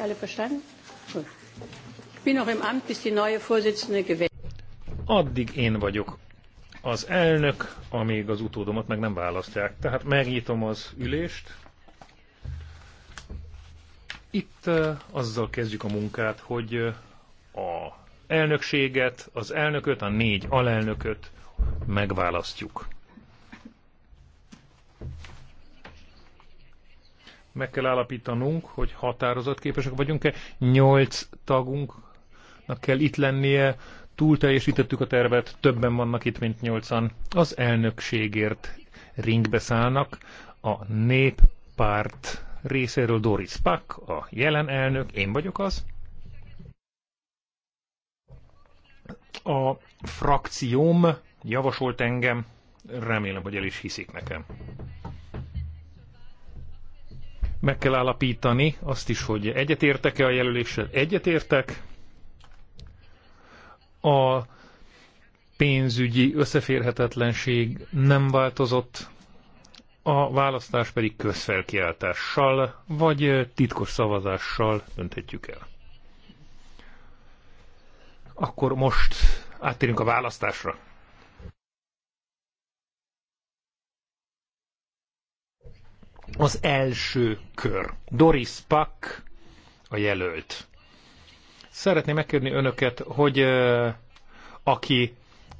alle verstanden? Gut. Ich bin noch im Amt, bis die neue Vorsitzende gewählt Addig én vagyok az elnök, amíg az utódomat meg nem választják. Tehát megnyitom az ülést. Itt azzal kezdjük a munkát, hogy a elnökséget, az elnököt, a négy alelnököt megválasztjuk. meg kell állapítanunk, hogy határozott képesek vagyunk-e, nyolc tagunknak kell itt lennie, túl teljesítettük a tervet, többen vannak itt, mint nyolcan. Az elnökségért ringbe szállnak a néppárt részéről Doris Pak, a jelen elnök, én vagyok az. A frakcióm javasolt engem, remélem, hogy el is hiszik nekem. Meg kell állapítani azt is, hogy egyetértek-e a jelöléssel. Egyetértek. A pénzügyi összeférhetetlenség nem változott, a választás pedig közfelkiáltással vagy titkos szavazással dönthetjük el. Akkor most áttérünk a választásra. Az első kör. Doris Pak a jelölt. Szeretném megkérni önöket, hogy aki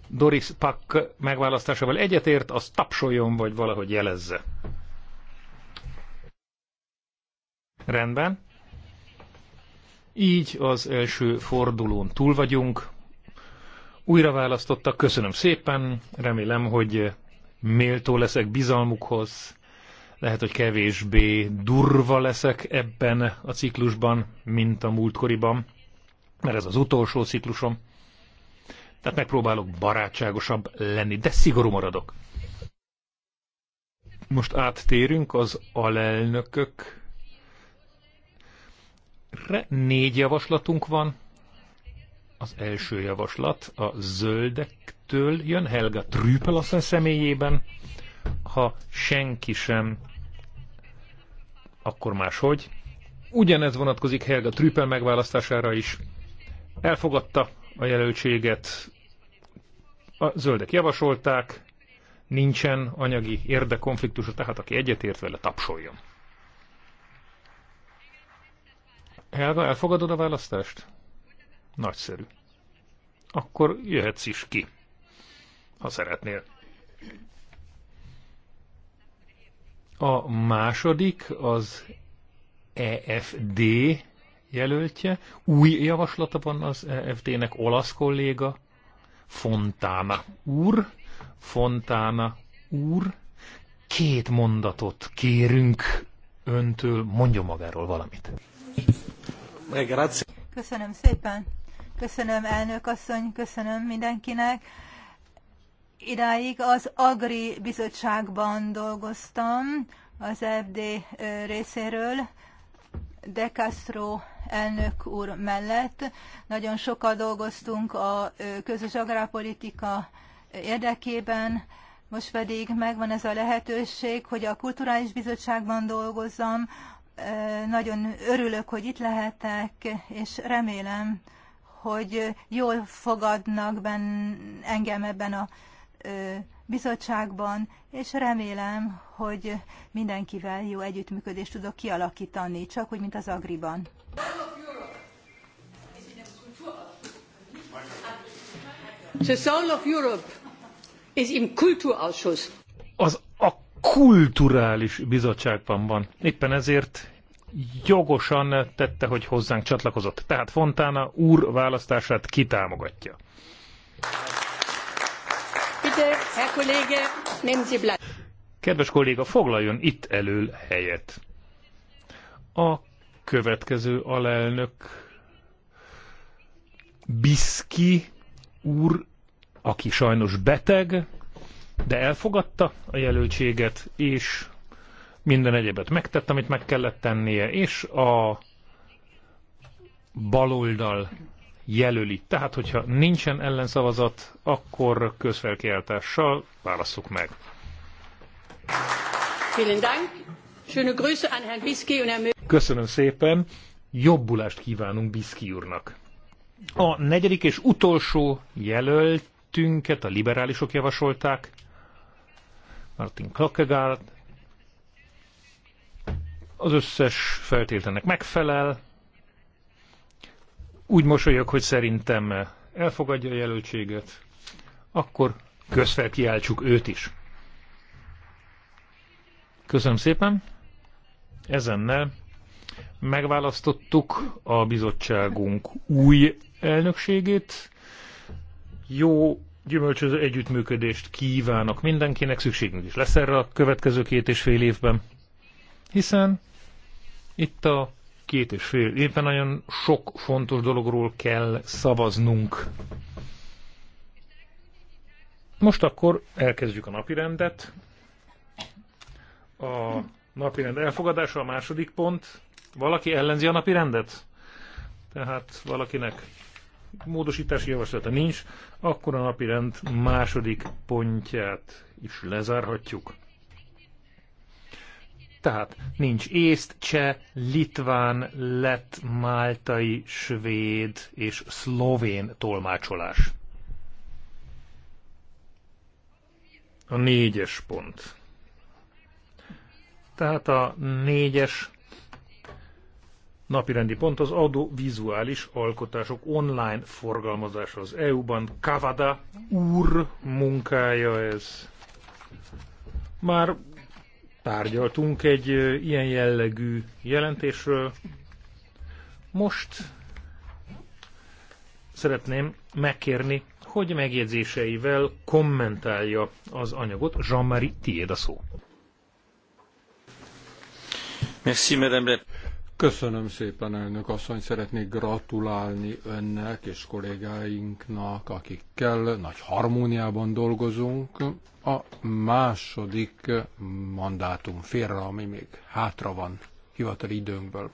Doris Pak megválasztásával egyetért, az tapsoljon, vagy valahogy jelezze. Rendben. Így az első fordulón túl vagyunk. Újra választottak, köszönöm szépen, remélem, hogy méltó leszek bizalmukhoz, lehet, hogy kevésbé durva leszek ebben a ciklusban, mint a múltkoriban, mert ez az utolsó ciklusom. Tehát megpróbálok barátságosabb lenni, de szigorú maradok. Most áttérünk az alelnökök. Négy javaslatunk van. Az első javaslat a zöldektől jön Helga Trüpel aztán személyében. Ha senki sem akkor máshogy. Ugyanez vonatkozik Helga Trüppel megválasztására is. Elfogadta a jelöltséget, a zöldek javasolták, nincsen anyagi érdekkonfliktusa, tehát aki egyetért vele, tapsoljon. Helga, elfogadod a választást? Nagyszerű. Akkor jöhetsz is ki, ha szeretnél. A második az EFD jelöltje. Új javaslata van az EFD-nek olasz kolléga, Fontána úr. Fontána úr, két mondatot kérünk öntől, mondjon magáról valamit. Köszönöm szépen. Köszönöm elnök asszony, köszönöm mindenkinek idáig az Agri Bizottságban dolgoztam az FD részéről, De Castro elnök úr mellett. Nagyon sokat dolgoztunk a közös agrárpolitika érdekében, most pedig megvan ez a lehetőség, hogy a Kulturális Bizottságban dolgozzam. Nagyon örülök, hogy itt lehetek, és remélem, hogy jól fogadnak ben, engem ebben a bizottságban, és remélem, hogy mindenkivel jó együttműködést tudok kialakítani, csak úgy, mint az Agriban. The Soul of Europe is im Kulturausschuss. Az a kulturális bizottságban van. Éppen ezért jogosan tette, hogy hozzánk csatlakozott. Tehát Fontána úr választását kitámogatja. Kedves kolléga, foglaljon itt elől helyet. A következő alelnök Biszki úr, aki sajnos beteg, de elfogadta a jelöltséget, és minden egyebet megtett, amit meg kellett tennie, és a baloldal jelöli. Tehát, hogyha nincsen ellenszavazat, akkor közfelkiáltással válasszuk meg. Köszönöm szépen, jobbulást kívánunk Biszki úrnak. A negyedik és utolsó jelöltünket a liberálisok javasolták, Martin Klockegaard, az összes feltételnek megfelel, úgy mosolyog, hogy szerintem elfogadja a jelöltséget, akkor közfelkiáltsuk őt is. Köszönöm szépen. Ezennel megválasztottuk a bizottságunk új elnökségét. Jó gyümölcsöző együttműködést kívánok mindenkinek, szükségünk is lesz erre a következő két és fél évben, hiszen itt a két és fél évben nagyon sok fontos dologról kell szavaznunk. Most akkor elkezdjük a napirendet. A napirend elfogadása a második pont. Valaki ellenzi a napirendet? Tehát valakinek módosítási javaslata nincs, akkor a napirend második pontját is lezárhatjuk. Tehát nincs észt, cseh, litván, lett, máltai, svéd és szlovén tolmácsolás. A négyes pont. Tehát a négyes napirendi pont az audiovizuális alkotások online forgalmazása az EU-ban. Kavada úr munkája ez. Már tárgyaltunk egy ilyen jellegű jelentésről. Most szeretném megkérni, hogy megjegyzéseivel kommentálja az anyagot. Jean-Marie, tiéd a szó. Merci, madame. Köszönöm szépen, elnök asszony, szeretnék gratulálni önnek és kollégáinknak, akikkel nagy harmóniában dolgozunk. A második mandátum félre, ami még hátra van hivatali időnkből.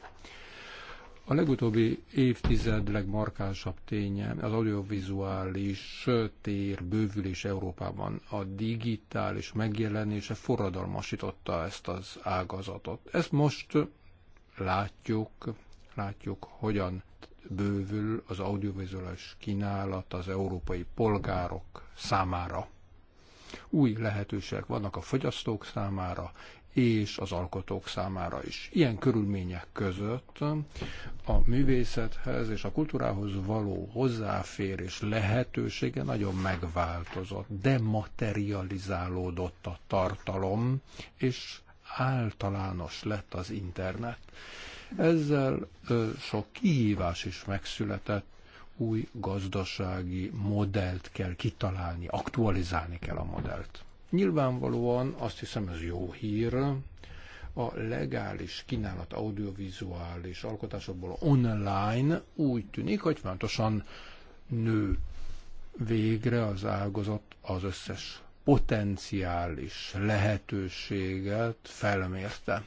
A legutóbbi évtized legmarkánsabb ténye az audiovizuális tér bővülés Európában. A digitális megjelenése forradalmasította ezt az ágazatot. Ezt most látjuk, látjuk, hogyan bővül az audiovizuális kínálat az európai polgárok számára. Új lehetőségek vannak a fogyasztók számára és az alkotók számára is. Ilyen körülmények között a művészethez és a kultúrához való hozzáférés lehetősége nagyon megváltozott, dematerializálódott a tartalom, és általános lett az internet. Ezzel sok kihívás is megszületett, új gazdasági modellt kell kitalálni, aktualizálni kell a modellt. Nyilvánvalóan azt hiszem ez jó hír, a legális kínálat audiovizuális alkotásokból online úgy tűnik, hogy fontosan nő végre az ágazat az összes potenciális lehetőséget felmérte.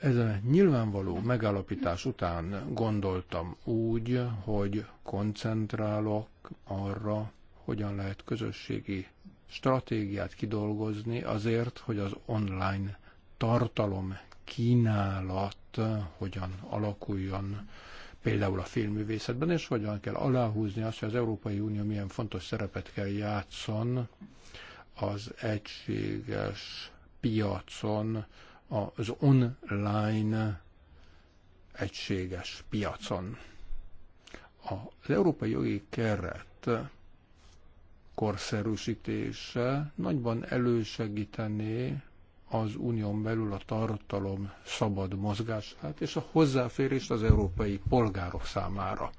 Ez a nyilvánvaló megállapítás után gondoltam úgy, hogy koncentrálok arra, hogyan lehet közösségi stratégiát kidolgozni azért, hogy az online tartalom kínálat hogyan alakuljon például a filmművészetben, és hogyan kell aláhúzni azt, hogy az Európai Unió milyen fontos szerepet kell játszon az egységes piacon, az online egységes piacon. Az európai jogi keret korszerűsítése nagyban elősegítené az unión belül a tartalom szabad mozgását és a hozzáférést az európai polgárok számára.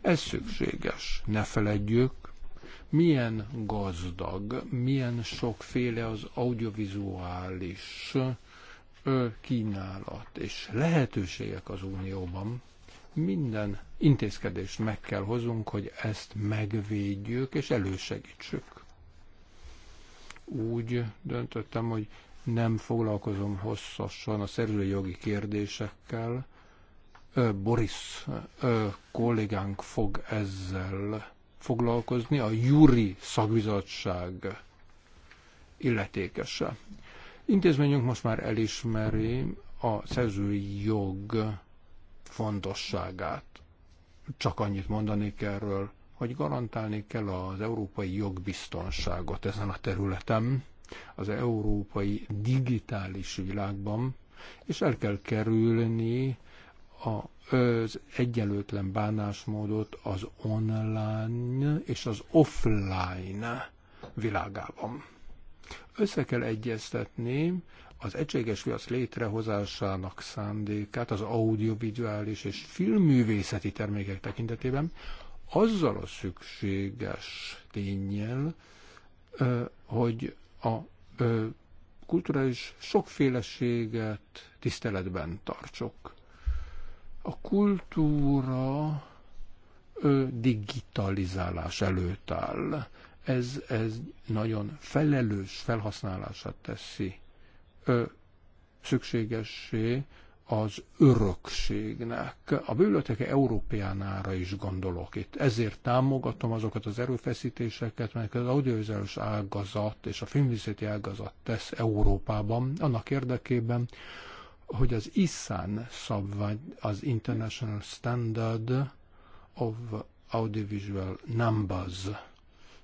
Ez szükséges. Ne feledjük, milyen gazdag, milyen sokféle az audiovizuális kínálat és lehetőségek az Unióban. Minden intézkedést meg kell hozunk, hogy ezt megvédjük és elősegítsük. Úgy döntöttem, hogy nem foglalkozom hosszasan a szerzői jogi kérdésekkel. Boris kollégánk fog ezzel foglalkozni, a Juri szakbizottság illetékese. Intézményünk most már elismeri a szerzői jog fontosságát. Csak annyit mondanék erről, hogy garantálni kell az európai jogbiztonságot ezen a területen az európai digitális világban, és el kell kerülni az egyenlőtlen bánásmódot az online és az offline világában. Össze kell egyeztetni az egységes piac létrehozásának szándékát az audiovizuális és filmművészeti termékek tekintetében azzal a szükséges tényjel, hogy a ö, kulturális sokféleséget tiszteletben tartsok. A kultúra ö, digitalizálás előtt áll. Ez, ez nagyon felelős felhasználását teszi ö, szükségessé az örökségnek. A biblioteka európeánára is gondolok itt. Ezért támogatom azokat az erőfeszítéseket, melyek az audiovizuális ágazat és a filmvizeti ágazat tesz Európában, annak érdekében, hogy az ISAN szabvány, az International Standard of Audiovisual Numbers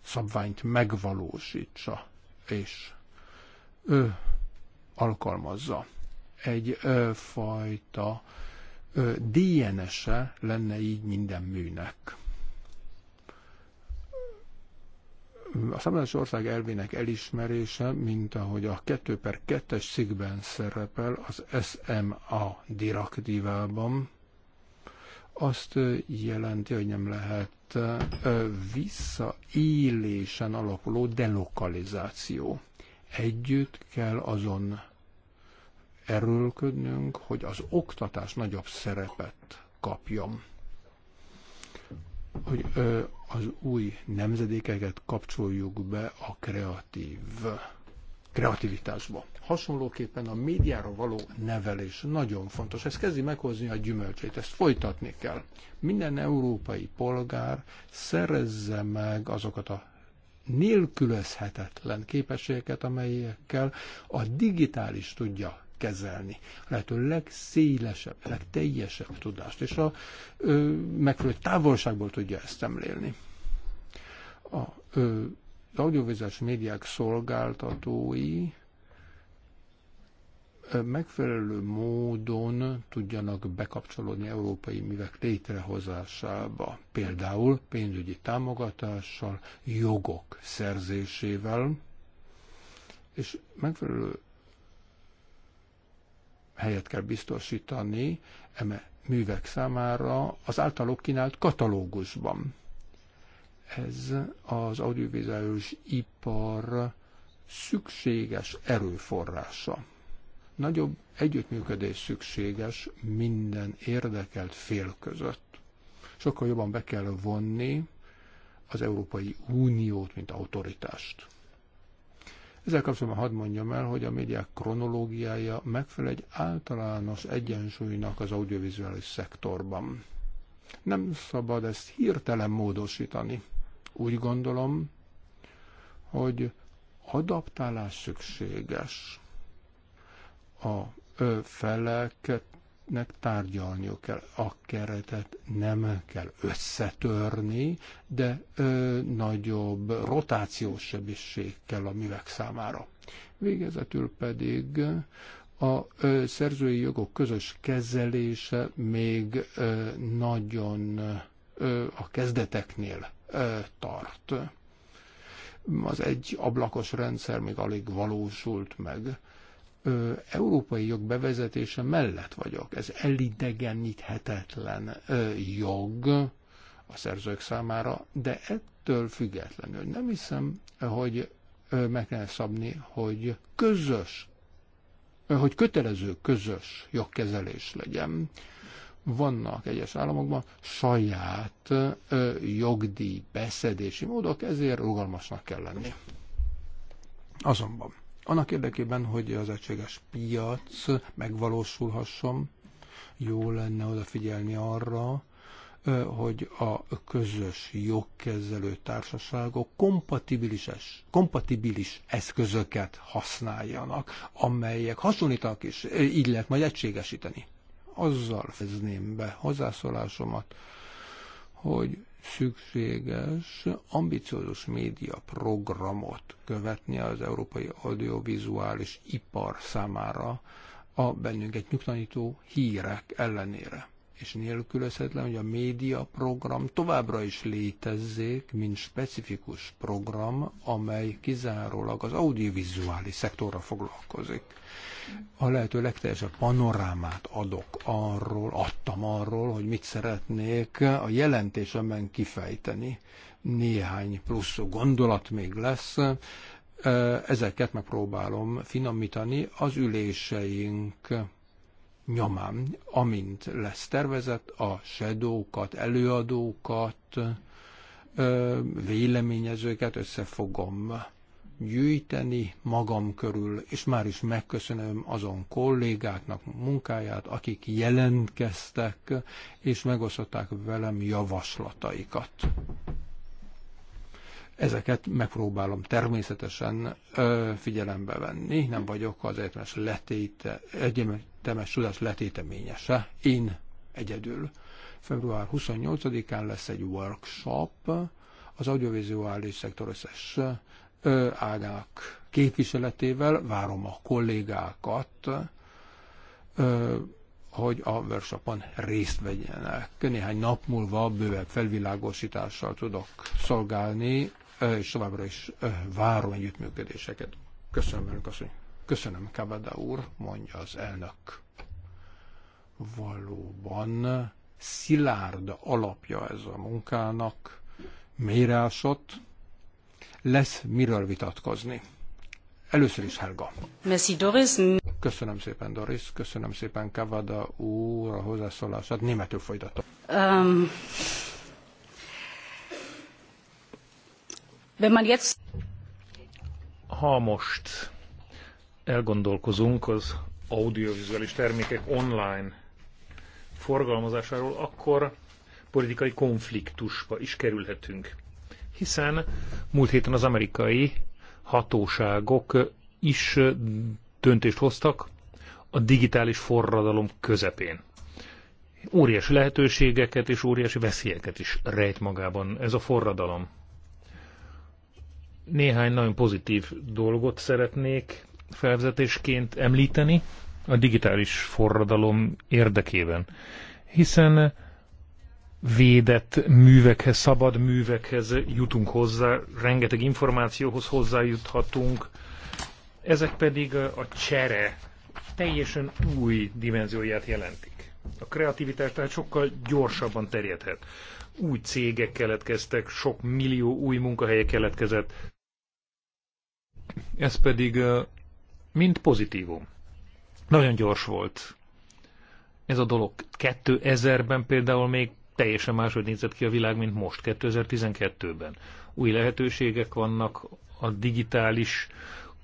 szabványt megvalósítsa és ő alkalmazza fajta DNS-e lenne így minden műnek. A számolás ország elvének elismerése, mint ahogy a 2 per 2-es szigben szerepel az SMA direktívában, azt jelenti, hogy nem lehet visszaélésen alapuló delokalizáció. Együtt kell azon erőlködnünk, hogy az oktatás nagyobb szerepet kapjon. Hogy az új nemzedékeket kapcsoljuk be a kreatív kreativitásba. Hasonlóképpen a médiára való nevelés nagyon fontos. Ez kezdi meghozni a gyümölcsét, ezt folytatni kell. Minden európai polgár szerezze meg azokat a nélkülözhetetlen képességeket, amelyekkel a digitális tudja kezelni. Lehető legszélesebb, legteljesebb tudást, és a ö, megfelelő távolságból tudja ezt emlélni. A ö, audiovizuális médiák szolgáltatói megfelelő módon tudjanak bekapcsolódni európai művek létrehozásába, például pénzügyi támogatással, jogok szerzésével, és megfelelő helyet kell biztosítani eme művek számára az általuk kínált katalógusban. Ez az audiovizuális ipar szükséges erőforrása. Nagyobb együttműködés szükséges minden érdekelt fél között. Sokkal jobban be kell vonni az Európai Uniót, mint autoritást. Ezzel kapcsolatban hadd mondjam el, hogy a médiák kronológiája megfelel egy általános egyensúlynak az audiovizuális szektorban. Nem szabad ezt hirtelen módosítani. Úgy gondolom, hogy adaptálás szükséges. A feleket nek tárgyalniuk kell. A keretet nem kell összetörni, de ö, nagyobb rotációs sebesség kell a művek számára. Végezetül pedig a ö, szerzői jogok közös kezelése még ö, nagyon ö, a kezdeteknél ö, tart. Az egy ablakos rendszer még alig valósult meg ö, európai jog bevezetése mellett vagyok. Ez elidegeníthetetlen ö, jog a szerzők számára, de ettől függetlenül nem hiszem, hogy ö, meg kell szabni, hogy közös, ö, hogy kötelező közös jogkezelés legyen. Vannak egyes államokban saját ö, jogdíj beszedési módok, ezért rugalmasnak kell lenni. Azonban annak érdekében, hogy az egységes piac megvalósulhasson, jó lenne odafigyelni arra, hogy a közös jogkezelő társaságok kompatibilis, kompatibilis eszközöket használjanak, amelyek hasonlítanak is, így lehet majd egységesíteni. Azzal fezném be hozzászólásomat, hogy szükséges ambiciózus média programot követni az európai audiovizuális ipar számára a bennünket nyugtalanító hírek ellenére és nélkülözhetetlen, hogy a média program továbbra is létezzék, mint specifikus program, amely kizárólag az audiovizuális szektorra foglalkozik. A lehető legteljesebb panorámát adok arról, adtam arról, hogy mit szeretnék a jelentésemben kifejteni. Néhány plusz gondolat még lesz, ezeket megpróbálom finomítani az üléseink nyomán, amint lesz tervezett, a sedókat, előadókat, véleményezőket össze fogom gyűjteni magam körül, és már is megköszönöm azon kollégáknak munkáját, akik jelentkeztek, és megosztották velem javaslataikat. Ezeket megpróbálom természetesen figyelembe venni, nem vagyok az egyetemes letéte, egyetemes temes tudás letéteményese. Én egyedül. Február 28-án lesz egy workshop az audiovizuális szektor összes ágának képviseletével. Várom a kollégákat, ö, hogy a workshopon részt vegyenek. Néhány nap múlva bővebb felvilágosítással tudok szolgálni, és továbbra is várom együttműködéseket. Köszönöm köszönöm. asszony! Köszönöm, Kavada úr, mondja az elnök. Valóban szilárd alapja ez a munkának, mérásott, lesz miről vitatkozni. Először is Helga. Merci Doris. Köszönöm szépen Doris, köszönöm szépen Kavada úr a hozzászólását. Németül folytatom. Um, wenn man jetzt... Ha most elgondolkozunk az audiovizuális termékek online forgalmazásáról, akkor politikai konfliktusba is kerülhetünk. Hiszen múlt héten az amerikai hatóságok is döntést hoztak a digitális forradalom közepén. Óriási lehetőségeket és óriási veszélyeket is rejt magában ez a forradalom. Néhány nagyon pozitív dolgot szeretnék felvezetésként említeni a digitális forradalom érdekében, hiszen védett művekhez, szabad művekhez jutunk hozzá, rengeteg információhoz hozzájuthatunk, ezek pedig a csere teljesen új dimenzióját jelentik. A kreativitás tehát sokkal gyorsabban terjedhet. Új cégek keletkeztek, sok millió új munkahelye keletkezett. Ez pedig mint pozitívum. Nagyon gyors volt. Ez a dolog 2000-ben például még teljesen máshogy nézett ki a világ, mint most 2012-ben. Új lehetőségek vannak a digitális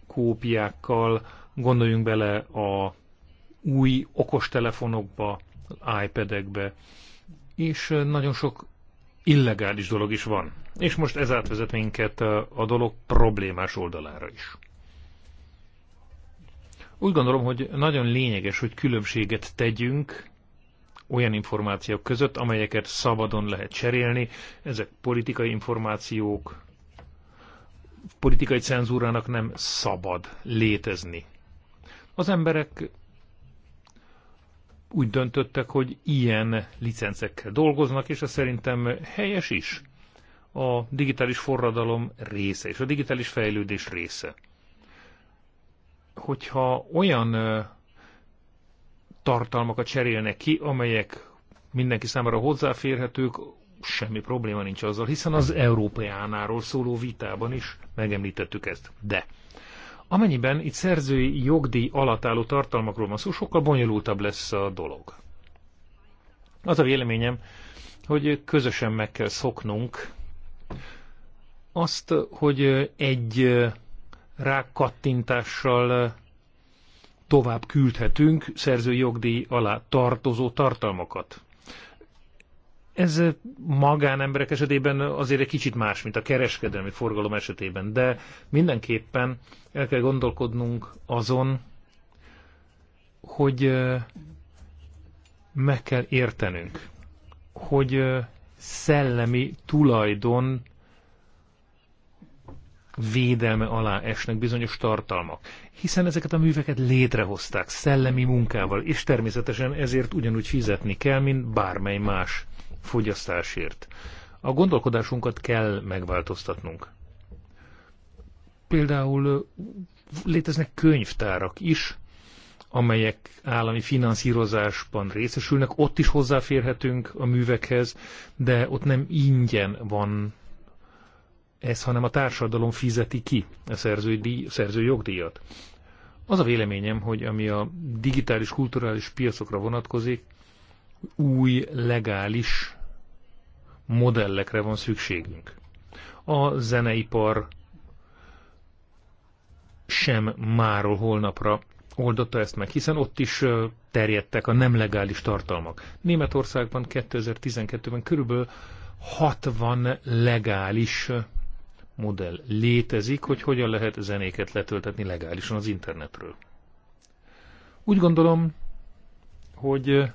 kópiákkal, gondoljunk bele a új okostelefonokba, iPad-ekbe, és nagyon sok illegális dolog is van. És most ez átvezet minket a dolog problémás oldalára is. Úgy gondolom, hogy nagyon lényeges, hogy különbséget tegyünk olyan információk között, amelyeket szabadon lehet cserélni. Ezek politikai információk, politikai cenzúrának nem szabad létezni. Az emberek úgy döntöttek, hogy ilyen licencekkel dolgoznak, és ez szerintem helyes is. A digitális forradalom része, és a digitális fejlődés része hogyha olyan tartalmakat cserélnek ki, amelyek mindenki számára hozzáférhetők, semmi probléma nincs azzal, hiszen az Európeánáról szóló vitában is megemlítettük ezt. De amennyiben itt szerzői jogdíj alatt álló tartalmakról van szó, sokkal bonyolultabb lesz a dolog. Az a véleményem, hogy közösen meg kell szoknunk azt, hogy egy rákattintással eh, tovább küldhetünk szerzői jogdíj alá tartozó tartalmakat. Ez eh, magánemberek esetében azért egy kicsit más, mint a kereskedelmi forgalom esetében, de mindenképpen el kell gondolkodnunk azon, hogy eh, meg kell értenünk, hogy szellemi tulajdon védelme alá esnek bizonyos tartalmak, hiszen ezeket a műveket létrehozták szellemi munkával, és természetesen ezért ugyanúgy fizetni kell, mint bármely más fogyasztásért. A gondolkodásunkat kell megváltoztatnunk. Például léteznek könyvtárak is, amelyek állami finanszírozásban részesülnek, ott is hozzáférhetünk a művekhez, de ott nem ingyen van ez, hanem a társadalom fizeti ki a szerzői, szerzői jogdíjat. Az a véleményem, hogy ami a digitális, kulturális piacokra vonatkozik, új, legális modellekre van szükségünk. A zeneipar sem máról holnapra oldotta ezt meg, hiszen ott is terjedtek a nem legális tartalmak. Németországban 2012-ben körülbelül 60 legális modell létezik, hogy hogyan lehet zenéket letöltetni legálisan az internetről. Úgy gondolom, hogy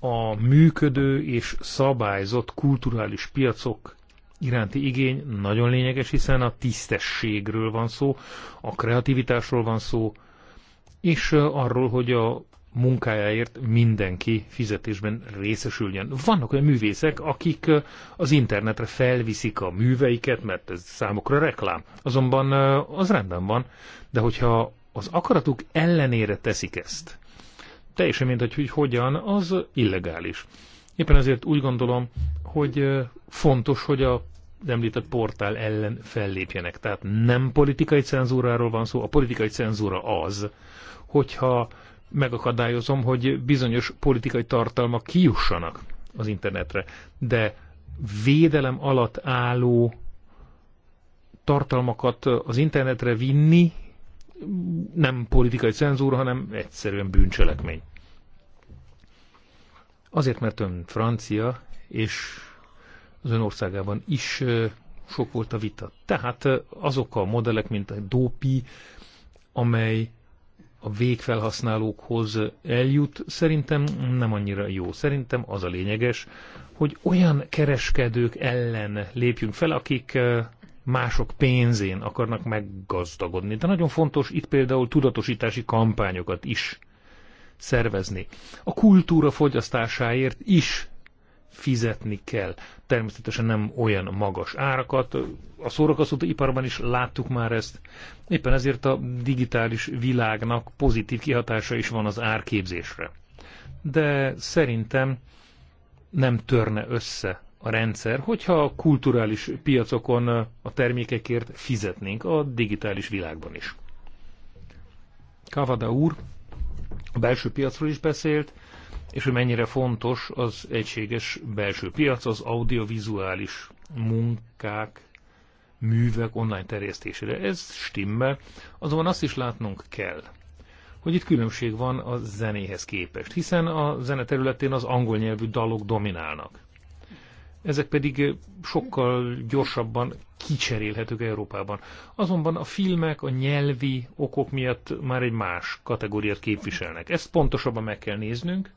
a működő és szabályzott kulturális piacok iránti igény nagyon lényeges, hiszen a tisztességről van szó, a kreativitásról van szó, és arról, hogy a munkájáért mindenki fizetésben részesüljön. Vannak olyan művészek, akik az internetre felviszik a műveiket, mert ez számukra reklám. Azonban az rendben van, de hogyha az akaratuk ellenére teszik ezt, teljesen mindegy, hogy hogyan, az illegális. Éppen ezért úgy gondolom, hogy fontos, hogy a említett portál ellen fellépjenek. Tehát nem politikai cenzúráról van szó, a politikai cenzúra az, hogyha megakadályozom, hogy bizonyos politikai tartalmak kijussanak az internetre, de védelem alatt álló tartalmakat az internetre vinni nem politikai cenzúra, hanem egyszerűen bűncselekmény. Azért, mert ön francia, és az ön országában is sok volt a vita. Tehát azok a modellek, mint a Dópi, amely a végfelhasználókhoz eljut, szerintem nem annyira jó. Szerintem az a lényeges, hogy olyan kereskedők ellen lépjünk fel, akik mások pénzén akarnak meggazdagodni. De nagyon fontos itt például tudatosítási kampányokat is szervezni. A kultúra fogyasztásáért is fizetni kell. Természetesen nem olyan magas árakat. A szórakoztató iparban is láttuk már ezt. Éppen ezért a digitális világnak pozitív kihatása is van az árképzésre. De szerintem nem törne össze a rendszer, hogyha a kulturális piacokon a termékekért fizetnénk a digitális világban is. Kavada úr a belső piacról is beszélt, és hogy mennyire fontos az egységes belső piac, az audiovizuális munkák, művek online terjesztésére. Ez stimmel, azonban azt is látnunk kell, hogy itt különbség van a zenéhez képest, hiszen a zene területén az angol nyelvű dalok dominálnak. Ezek pedig sokkal gyorsabban kicserélhetők Európában. Azonban a filmek a nyelvi okok miatt már egy más kategóriát képviselnek. Ezt pontosabban meg kell néznünk,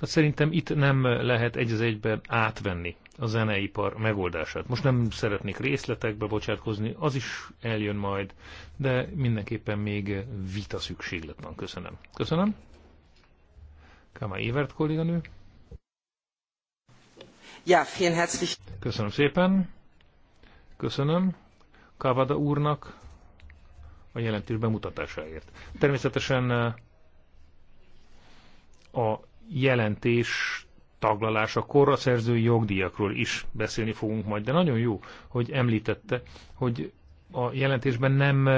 tehát szerintem itt nem lehet egy az egyben átvenni a zeneipar megoldását. Most nem szeretnék részletekbe bocsátkozni, az is eljön majd, de mindenképpen még vita szükséglet van. Köszönöm. Köszönöm. Kama Évert kolléganő. Ja, vielen herzlich. Köszönöm szépen. Köszönöm Kavada úrnak a jelentős bemutatásáért. Természetesen eh, a jelentés taglalásakor a szerzői jogdíjakról is beszélni fogunk majd, de nagyon jó, hogy említette, hogy a jelentésben nem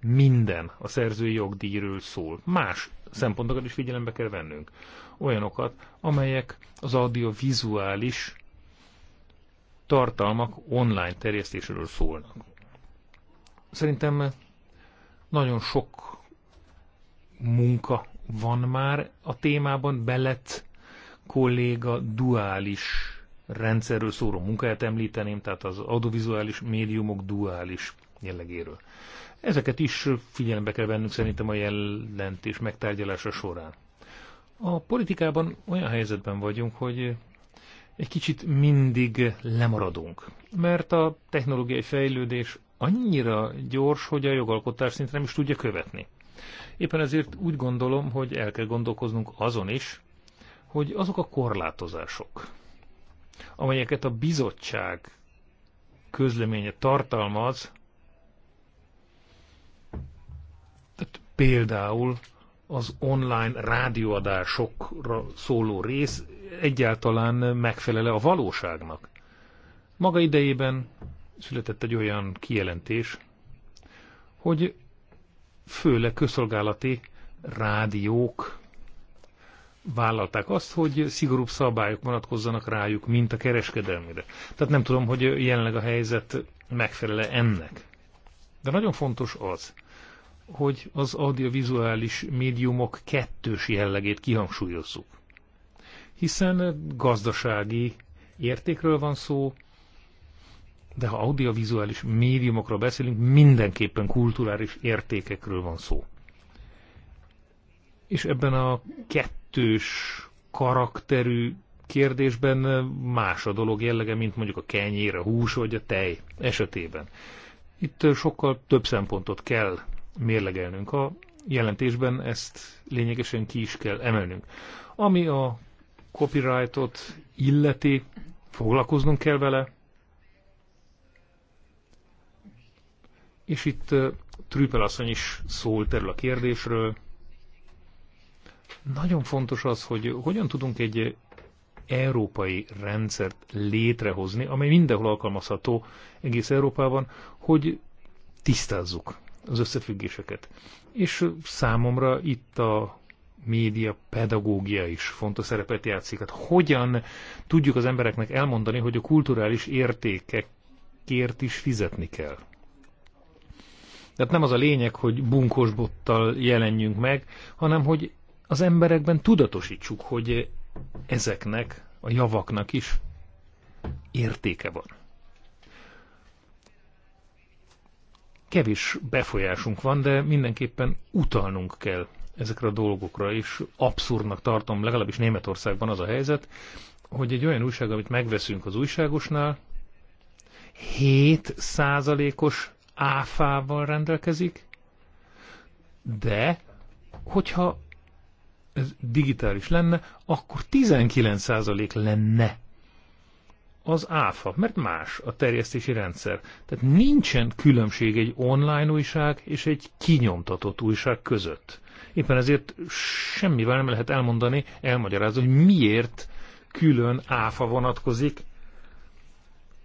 minden a szerzői jogdíjról szól. Más szempontokat is figyelembe kell vennünk. Olyanokat, amelyek az audiovizuális tartalmak online terjesztéséről szólnak. Szerintem nagyon sok munka van már a témában belett kolléga duális rendszerről szóró munkáját említeném, tehát az audiovizuális médiumok duális jellegéről. Ezeket is figyelembe kell vennünk szerintem a jelentés megtárgyalása során. A politikában olyan helyzetben vagyunk, hogy egy kicsit mindig lemaradunk, mert a technológiai fejlődés annyira gyors, hogy a jogalkotás szintén nem is tudja követni. Éppen ezért úgy gondolom, hogy el kell gondolkoznunk azon is, hogy azok a korlátozások, amelyeket a bizottság közleménye tartalmaz, tehát például az online rádióadásokra szóló rész egyáltalán megfelele a valóságnak. Maga idejében született egy olyan kijelentés, hogy főleg közszolgálati rádiók vállalták azt, hogy szigorúbb szabályok vonatkozzanak rájuk, mint a kereskedelmére. Tehát nem tudom, hogy jelenleg a helyzet megfelele ennek. De nagyon fontos az, hogy az audiovizuális médiumok kettős jellegét kihangsúlyozzuk. Hiszen gazdasági értékről van szó, de ha audiovizuális médiumokról beszélünk, mindenképpen kulturális értékekről van szó. És ebben a kettős karakterű kérdésben más a dolog jellege, mint mondjuk a kenyér, a hús vagy a tej esetében. Itt sokkal több szempontot kell mérlegelnünk. A jelentésben ezt lényegesen ki is kell emelnünk. Ami a copyrightot illeti, foglalkoznunk kell vele, És itt Trüppel asszony is szólt erről a kérdésről. Nagyon fontos az, hogy hogyan tudunk egy európai rendszert létrehozni, amely mindenhol alkalmazható egész Európában, hogy tisztázzuk az összefüggéseket. És számomra itt a média pedagógia is fontos szerepet játszik. Hát hogyan tudjuk az embereknek elmondani, hogy a kulturális értékekért is fizetni kell? Tehát nem az a lényeg, hogy bunkosbottal jelenjünk meg, hanem hogy az emberekben tudatosítsuk, hogy ezeknek, a javaknak is értéke van. Kevés befolyásunk van, de mindenképpen utalnunk kell ezekre a dolgokra, és abszurdnak tartom, legalábbis Németországban az a helyzet, hogy egy olyan újság, amit megveszünk az újságosnál, 7 százalékos áfával rendelkezik, de hogyha ez digitális lenne, akkor 19% lenne az áfa, mert más a terjesztési rendszer. Tehát nincsen különbség egy online újság és egy kinyomtatott újság között. Éppen ezért semmivel nem lehet elmondani, elmagyarázni, hogy miért külön áfa vonatkozik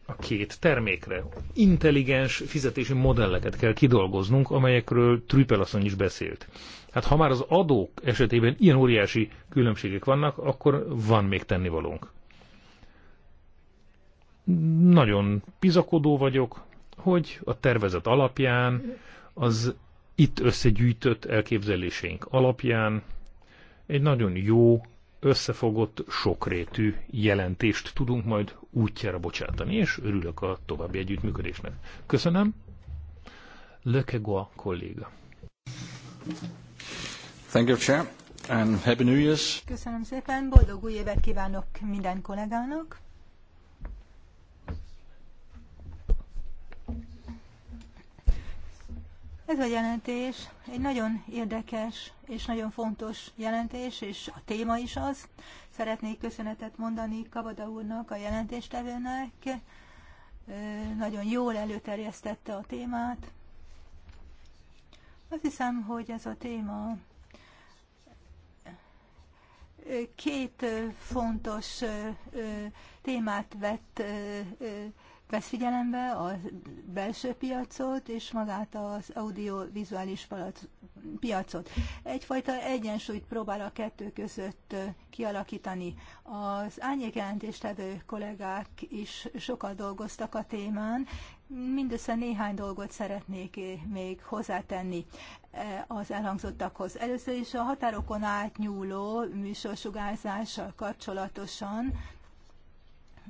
a két termékre. Intelligens fizetési modelleket kell kidolgoznunk, amelyekről Trüppel asszony is beszélt. Hát ha már az adók esetében ilyen óriási különbségek vannak, akkor van még tennivalónk. Nagyon bizakodó vagyok, hogy a tervezet alapján, az itt összegyűjtött elképzeléseink alapján egy nagyon jó összefogott, sokrétű jelentést tudunk majd útjára bocsátani, és örülök a további együttműködésnek. Köszönöm. Goa kolléga. Thank you, Chair, and Happy New Year's. Köszönöm szépen, boldog új évet kívánok minden kollégának. Ez a jelentés egy nagyon érdekes és nagyon fontos jelentés, és a téma is az. Szeretnék köszönetet mondani Kavada úrnak, a jelentéstevőnek. Nagyon jól előterjesztette a témát. Azt hiszem, hogy ez a téma két fontos témát vett vesz figyelembe a belső piacot és magát az audiovizuális piacot. Egyfajta egyensúlyt próbál a kettő között kialakítani. Az árnyékjelentéstevő kollégák is sokat dolgoztak a témán, mindössze néhány dolgot szeretnék még hozzátenni e, az elhangzottakhoz. Először is a határokon átnyúló műsorsugárzással kapcsolatosan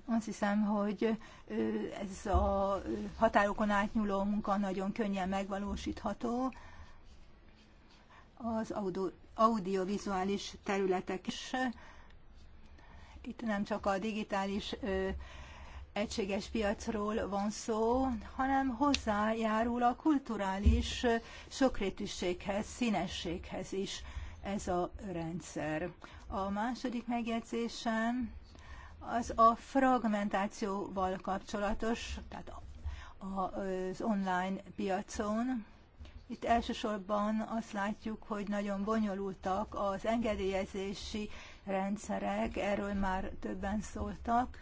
azt hiszem, hogy ez a határokon átnyúló munka nagyon könnyen megvalósítható. Az audio, audiovizuális területek is. Itt nem csak a digitális egységes piacról van szó, hanem hozzájárul a kulturális sokrétűséghez, színességhez is ez a rendszer. A második megjegyzésem az a fragmentációval kapcsolatos, tehát az online piacon. Itt elsősorban azt látjuk, hogy nagyon bonyolultak az engedélyezési rendszerek, erről már többen szóltak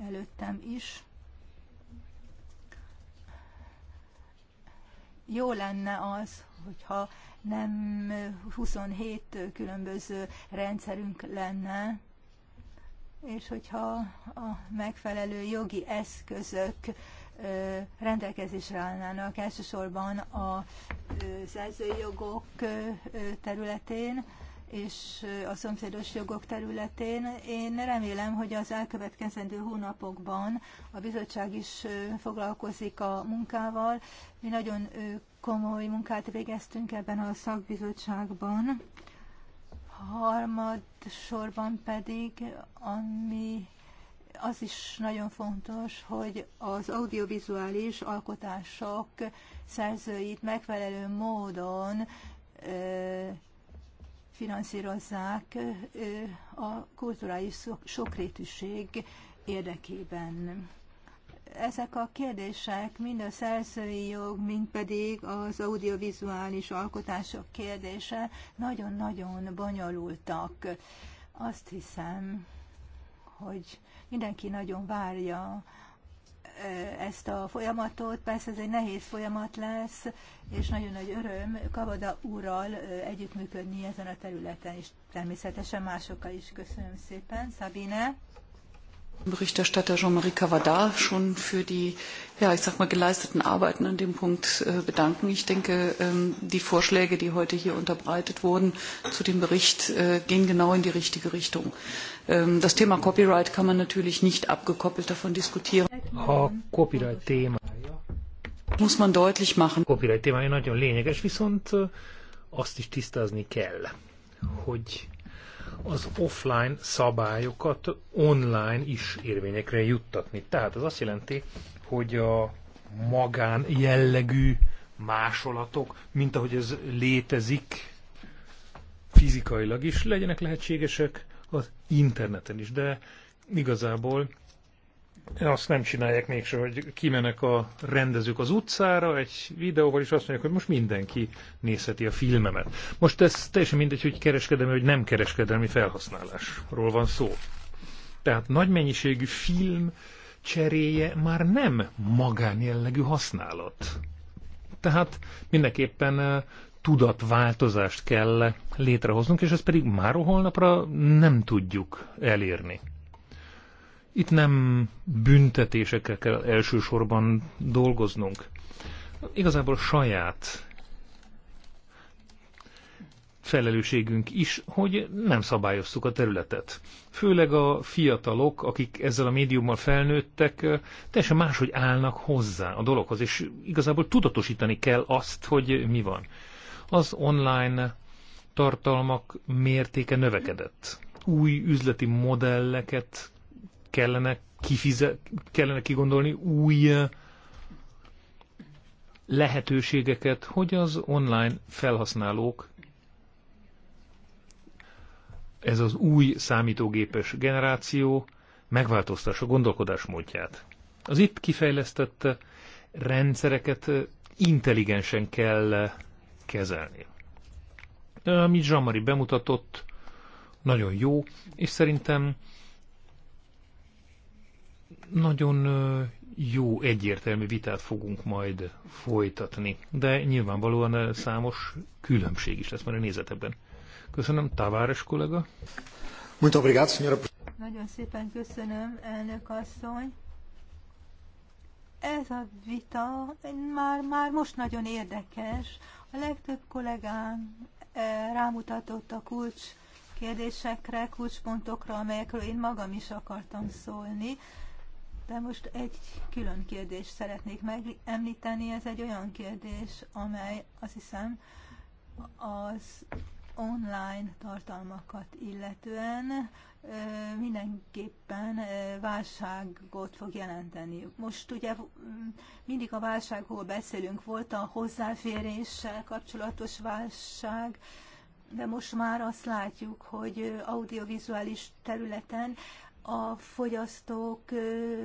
előttem is. Jó lenne az, hogyha nem 27 különböző rendszerünk lenne, és hogyha a megfelelő jogi eszközök rendelkezésre állnának, elsősorban a szerzőjogok területén, és a szomszédos jogok területén. Én remélem, hogy az elkövetkezendő hónapokban a bizottság is foglalkozik a munkával. Mi nagyon komoly munkát végeztünk ebben a szakbizottságban harmad sorban pedig, ami az is nagyon fontos, hogy az audiovizuális alkotások szerzőit megfelelő módon ö, finanszírozzák ö, a kulturális sokrétűség érdekében ezek a kérdések, mind a szerzői jog, mind pedig az audiovizuális alkotások kérdése nagyon-nagyon bonyolultak. Azt hiszem, hogy mindenki nagyon várja ezt a folyamatot. Persze ez egy nehéz folyamat lesz, és nagyon nagy öröm Kavada úrral együttműködni ezen a területen, és természetesen másokkal is. Köszönöm szépen, Szabine. Berichterstatter Jean-Marie Cavada schon für die, ja, ich sag mal, geleisteten Arbeiten an dem Punkt äh, bedanken. Ich denke, ähm, die Vorschläge, die heute hier unterbreitet wurden zu dem Bericht, äh, gehen genau in die richtige Richtung. Ähm, das Thema Copyright kann man natürlich nicht abgekoppelt davon diskutieren. A Copyright témája. Muss man deutlich machen. A Copyright témája nagyon lényeges, viszont azt is tisztázni kell, hogy az offline szabályokat online is érvényekre juttatni. Tehát ez azt jelenti, hogy a magán jellegű másolatok, mint ahogy ez létezik fizikailag is, legyenek lehetségesek az interneten is, de igazából azt nem csinálják mégsem, hogy kimenek a rendezők az utcára egy videóval, is azt mondják, hogy most mindenki nézheti a filmemet. Most ez teljesen mindegy, hogy kereskedelmi vagy nem kereskedelmi felhasználásról van szó. Tehát nagy mennyiségű film cseréje már nem magánjellegű használat. Tehát mindenképpen eh, tudatváltozást kell létrehoznunk, és ezt pedig már holnapra nem tudjuk elérni. Itt nem büntetésekkel kell elsősorban dolgoznunk. Igazából saját felelősségünk is, hogy nem szabályoztuk a területet. Főleg a fiatalok, akik ezzel a médiummal felnőttek, teljesen máshogy állnak hozzá a dologhoz, és igazából tudatosítani kell azt, hogy mi van. Az online tartalmak mértéke növekedett. Új üzleti modelleket kellene, kifize, kellene kigondolni új eh, lehetőségeket, hogy az online felhasználók ez az új számítógépes generáció megváltoztassa gondolkodásmódját. Az itt kifejlesztett rendszereket eh, intelligensen kell eh, kezelni. Amit Zsamari bemutatott, nagyon jó, és szerintem nagyon jó, egyértelmű vitát fogunk majd folytatni, de nyilvánvalóan számos különbség is lesz már a nézetekben. Köszönöm, Taváres kollega. Muito obrigado, senhora. Nagyon szépen köszönöm, elnök asszony. Ez a vita már, már most nagyon érdekes. A legtöbb kollégám rámutatott a kulcs kérdésekre, kulcspontokra, amelyekről én magam is akartam szólni. De most egy külön kérdést szeretnék megemlíteni. Ez egy olyan kérdés, amely azt hiszem az online tartalmakat illetően mindenképpen válságot fog jelenteni. Most ugye mindig a válságról beszélünk, volt a hozzáféréssel kapcsolatos válság, de most már azt látjuk, hogy audiovizuális területen a fogyasztók,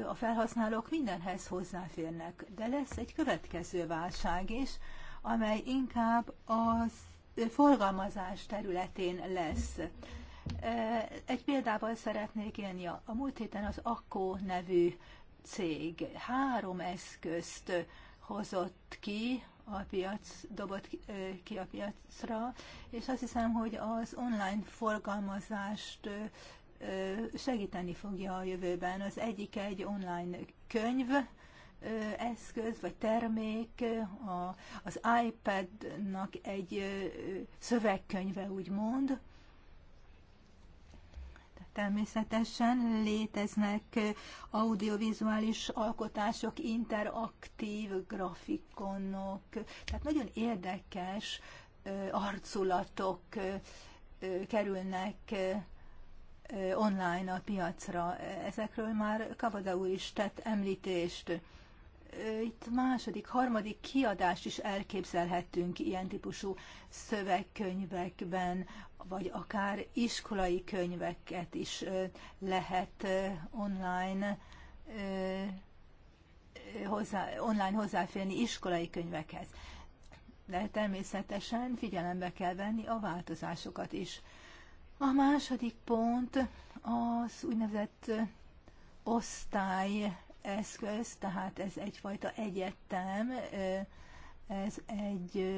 a felhasználók mindenhez hozzáférnek. De lesz egy következő válság is, amely inkább a forgalmazás területén lesz. Egy példával szeretnék élni. A múlt héten az Akko nevű cég három eszközt hozott ki a piac, dobott ki a piacra, és azt hiszem, hogy az online forgalmazást segíteni fogja a jövőben. Az egyik egy online könyv, eszköz vagy termék, a, az iPad-nak egy szövegkönyve, úgymond. Természetesen léteznek audiovizuális alkotások, interaktív grafikonok, tehát nagyon érdekes arculatok kerülnek online a piacra. Ezekről már Kavada úr is tett említést. Itt második, harmadik kiadást is elképzelhetünk ilyen típusú szövegkönyvekben, vagy akár iskolai könyveket is lehet online hozzá, online hozzáférni iskolai könyvekhez. De természetesen figyelembe kell venni a változásokat is. A második pont az úgynevezett osztály eszköz, tehát ez egyfajta egyetem, ez egy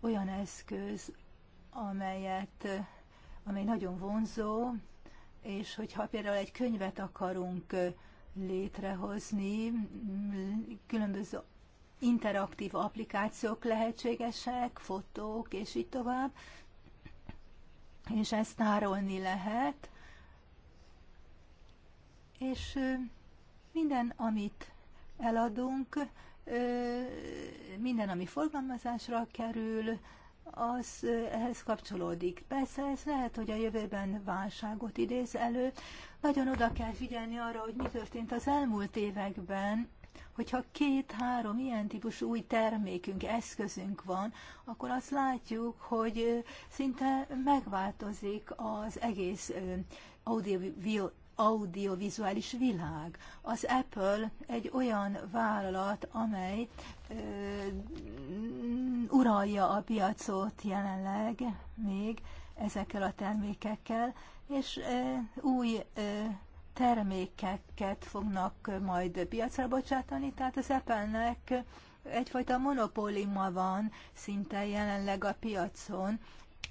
olyan eszköz, amelyet, amely nagyon vonzó, és hogyha például egy könyvet akarunk létrehozni, különböző interaktív applikációk lehetségesek, fotók és így tovább és ezt tárolni lehet, és minden, amit eladunk, minden, ami forgalmazásra kerül, az ehhez kapcsolódik. Persze ez lehet, hogy a jövőben válságot idéz elő. Nagyon oda kell figyelni arra, hogy mi történt az elmúlt években, Hogyha két-három ilyen típusú új termékünk, eszközünk van, akkor azt látjuk, hogy szinte megváltozik az egész audio audiovizuális világ. Az Apple egy olyan vállalat, amely ö, uralja a piacot jelenleg még ezekkel a termékekkel, és ö, új ö, termékeket fognak majd piacra bocsátani, tehát az Apple-nek egyfajta monopóliuma van szinte jelenleg a piacon.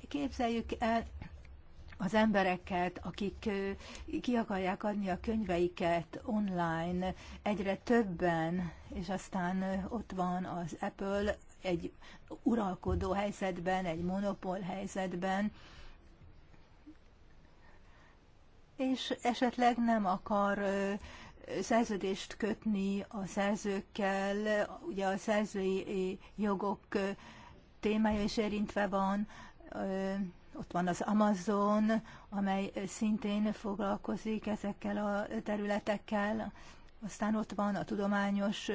Képzeljük el az embereket, akik ki akarják adni a könyveiket online, egyre többen, és aztán ott van az Apple egy uralkodó helyzetben, egy monopól helyzetben, és esetleg nem akar szerződést kötni a szerzőkkel, ugye a szerzői jogok témája is érintve van, ott van az Amazon, amely szintén foglalkozik ezekkel a területekkel, aztán ott van a tudományos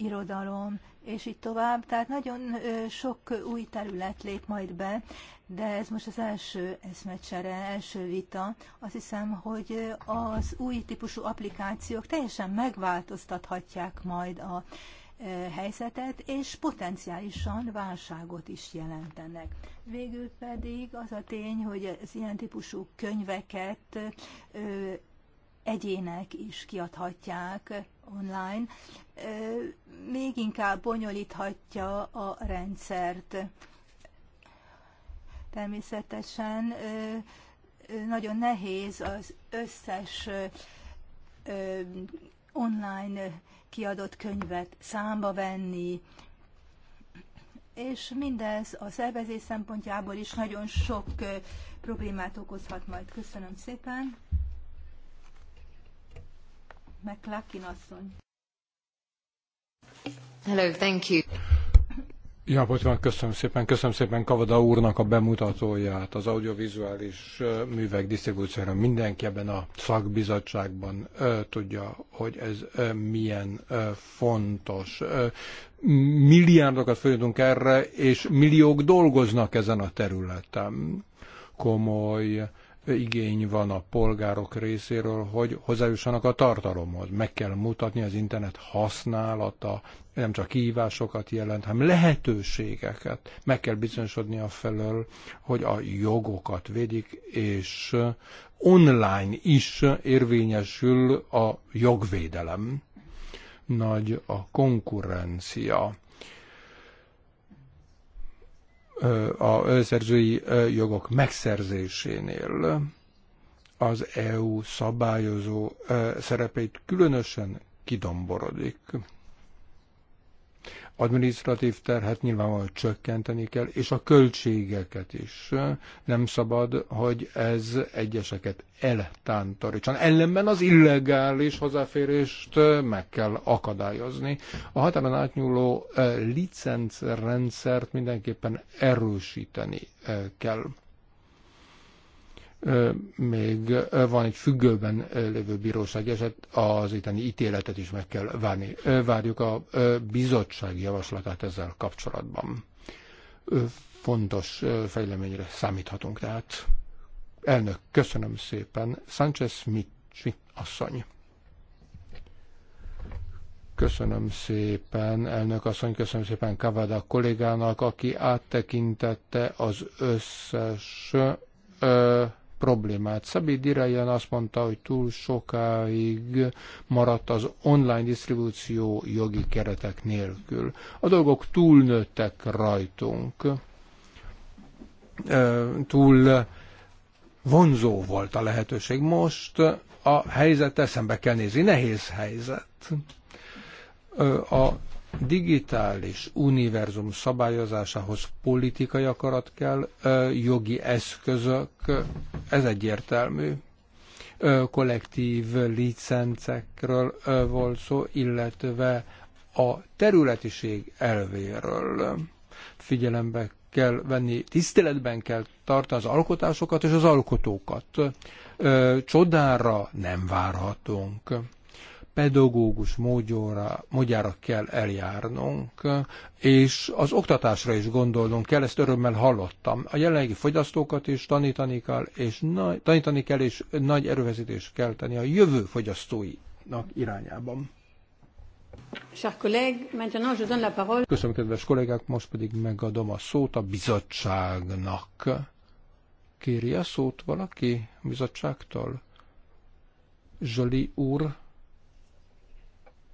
irodalom, és így tovább. Tehát nagyon sok új terület lép majd be, de ez most az első eszmecsere, első vita. Azt hiszem, hogy az új típusú applikációk teljesen megváltoztathatják majd a helyzetet, és potenciálisan válságot is jelentenek. Végül pedig az a tény, hogy az ilyen típusú könyveket egyének is kiadhatják online, még inkább bonyolíthatja a rendszert. Természetesen nagyon nehéz az összes online kiadott könyvet számba venni, és mindez a szervezés szempontjából is nagyon sok problémát okozhat majd. Köszönöm szépen! McLaughlin asszony. Hello, thank you. Ja, bocsánat, köszönöm szépen, köszönöm szépen Kavada úrnak a bemutatóját, az audiovizuális művek disztribúciójára. Mindenki ebben a szakbizottságban ö, tudja, hogy ez ö, milyen ö, fontos. Ö, milliárdokat fordítunk erre, és milliók dolgoznak ezen a területen. Komoly igény van a polgárok részéről, hogy hozzájussanak a tartalomhoz. Meg kell mutatni az internet használata, nem csak kihívásokat jelent, hanem lehetőségeket. Meg kell bizonyosodni a felől, hogy a jogokat védik, és online is érvényesül a jogvédelem. Nagy a konkurencia a szerzői jogok megszerzésénél az EU szabályozó szerepét különösen kidomborodik. Administratív terhet nyilvánvalóan csökkenteni kell, és a költségeket is. Nem szabad, hogy ez egyeseket eltántorítson. Ellenben az illegális hozzáférést meg kell akadályozni. A határon átnyúló eh, licencrendszert mindenképpen erősíteni eh, kell még van egy függőben lévő bíróság eset, az itteni ítéletet is meg kell várni. Várjuk a bizottság javaslatát ezzel kapcsolatban. Fontos fejleményre számíthatunk tehát. Elnök, köszönöm szépen. Sánchez Micsi asszony. Köszönöm szépen, elnök asszony, köszönöm szépen Kavada kollégának, aki áttekintette az összes ö, problémát. Szabi Dirajan azt mondta, hogy túl sokáig maradt az online disztribúció jogi keretek nélkül. A dolgok túlnőttek rajtunk. Túl vonzó volt a lehetőség. Most a helyzet eszembe kell nézni. Nehéz helyzet. A digitális univerzum szabályozásához politikai akarat kell, jogi eszközök, ez egyértelmű. Kollektív licencekről volt szó, illetve a területiség elvéről. Figyelembe kell venni, tiszteletben kell tartani az alkotásokat és az alkotókat. Csodára nem várhatunk pedagógus módjóra, módjára kell eljárnunk, és az oktatásra is gondolnunk kell, ezt örömmel hallottam. A jelenlegi fogyasztókat is tanítani kell, és nagy, tanítani kell, és nagy erőfeszítés kell tenni a jövő fogyasztóinak irányában. Köszönöm, kedves kollégák, most pedig megadom a szót a bizottságnak. Kéri a szót valaki a bizottságtól? Zsoli úr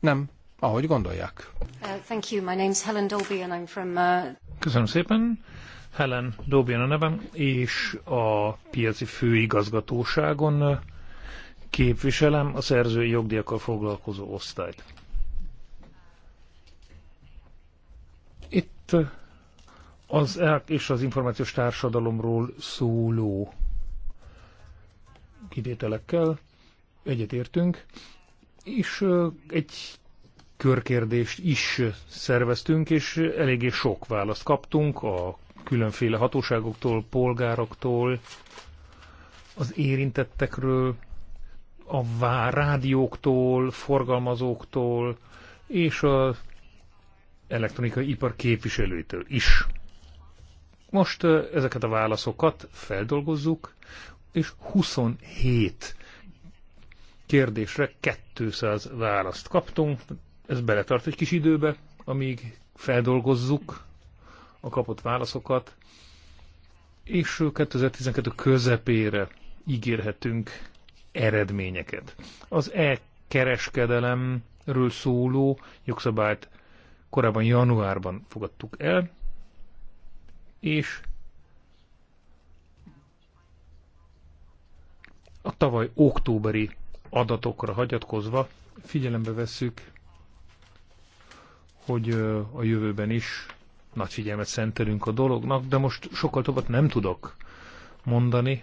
nem, ahogy gondolják. Uh, thank you. My Helen and I'm from... Uh, Köszönöm szépen. Helen Dobian a nevem, és a piaci főigazgatóságon uh, képviselem a szerzői jogdíjakkal foglalkozó osztályt. Itt az ELK és az információs társadalomról szóló kivételekkel egyetértünk, és egy körkérdést is szerveztünk, és eléggé sok választ kaptunk a különféle hatóságoktól, polgároktól, az érintettekről, a rádióktól, forgalmazóktól, és az elektronikai ipar képviselőitől is. Most ezeket a válaszokat feldolgozzuk, és 27 kérdésre 200 választ kaptunk, ez beletart egy kis időbe, amíg feldolgozzuk a kapott válaszokat, és 2012 közepére ígérhetünk eredményeket. Az e-kereskedelemről szóló jogszabályt korábban januárban fogadtuk el, és a tavaly októberi adatokra hagyatkozva figyelembe vesszük, hogy a jövőben is nagy figyelmet szentelünk a dolognak, de most sokkal többet nem tudok mondani.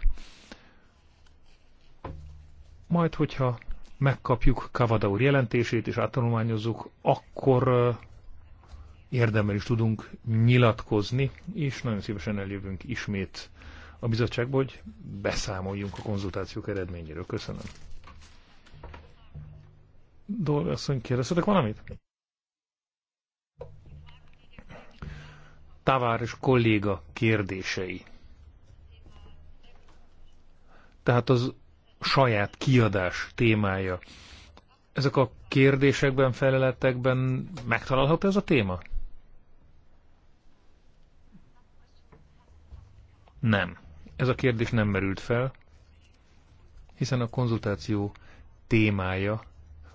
Majd, hogyha megkapjuk Kavada úr jelentését és áttanulmányozzuk, akkor érdemben is tudunk nyilatkozni, és nagyon szívesen eljövünk ismét a bizottságból, hogy beszámoljunk a konzultációk eredményéről. Köszönöm dolgasszony, kérdeztetek valamit? Taváres kolléga kérdései. Tehát az saját kiadás témája. Ezek a kérdésekben, feleletekben megtalálható ez a téma? Nem. Ez a kérdés nem merült fel, hiszen a konzultáció témája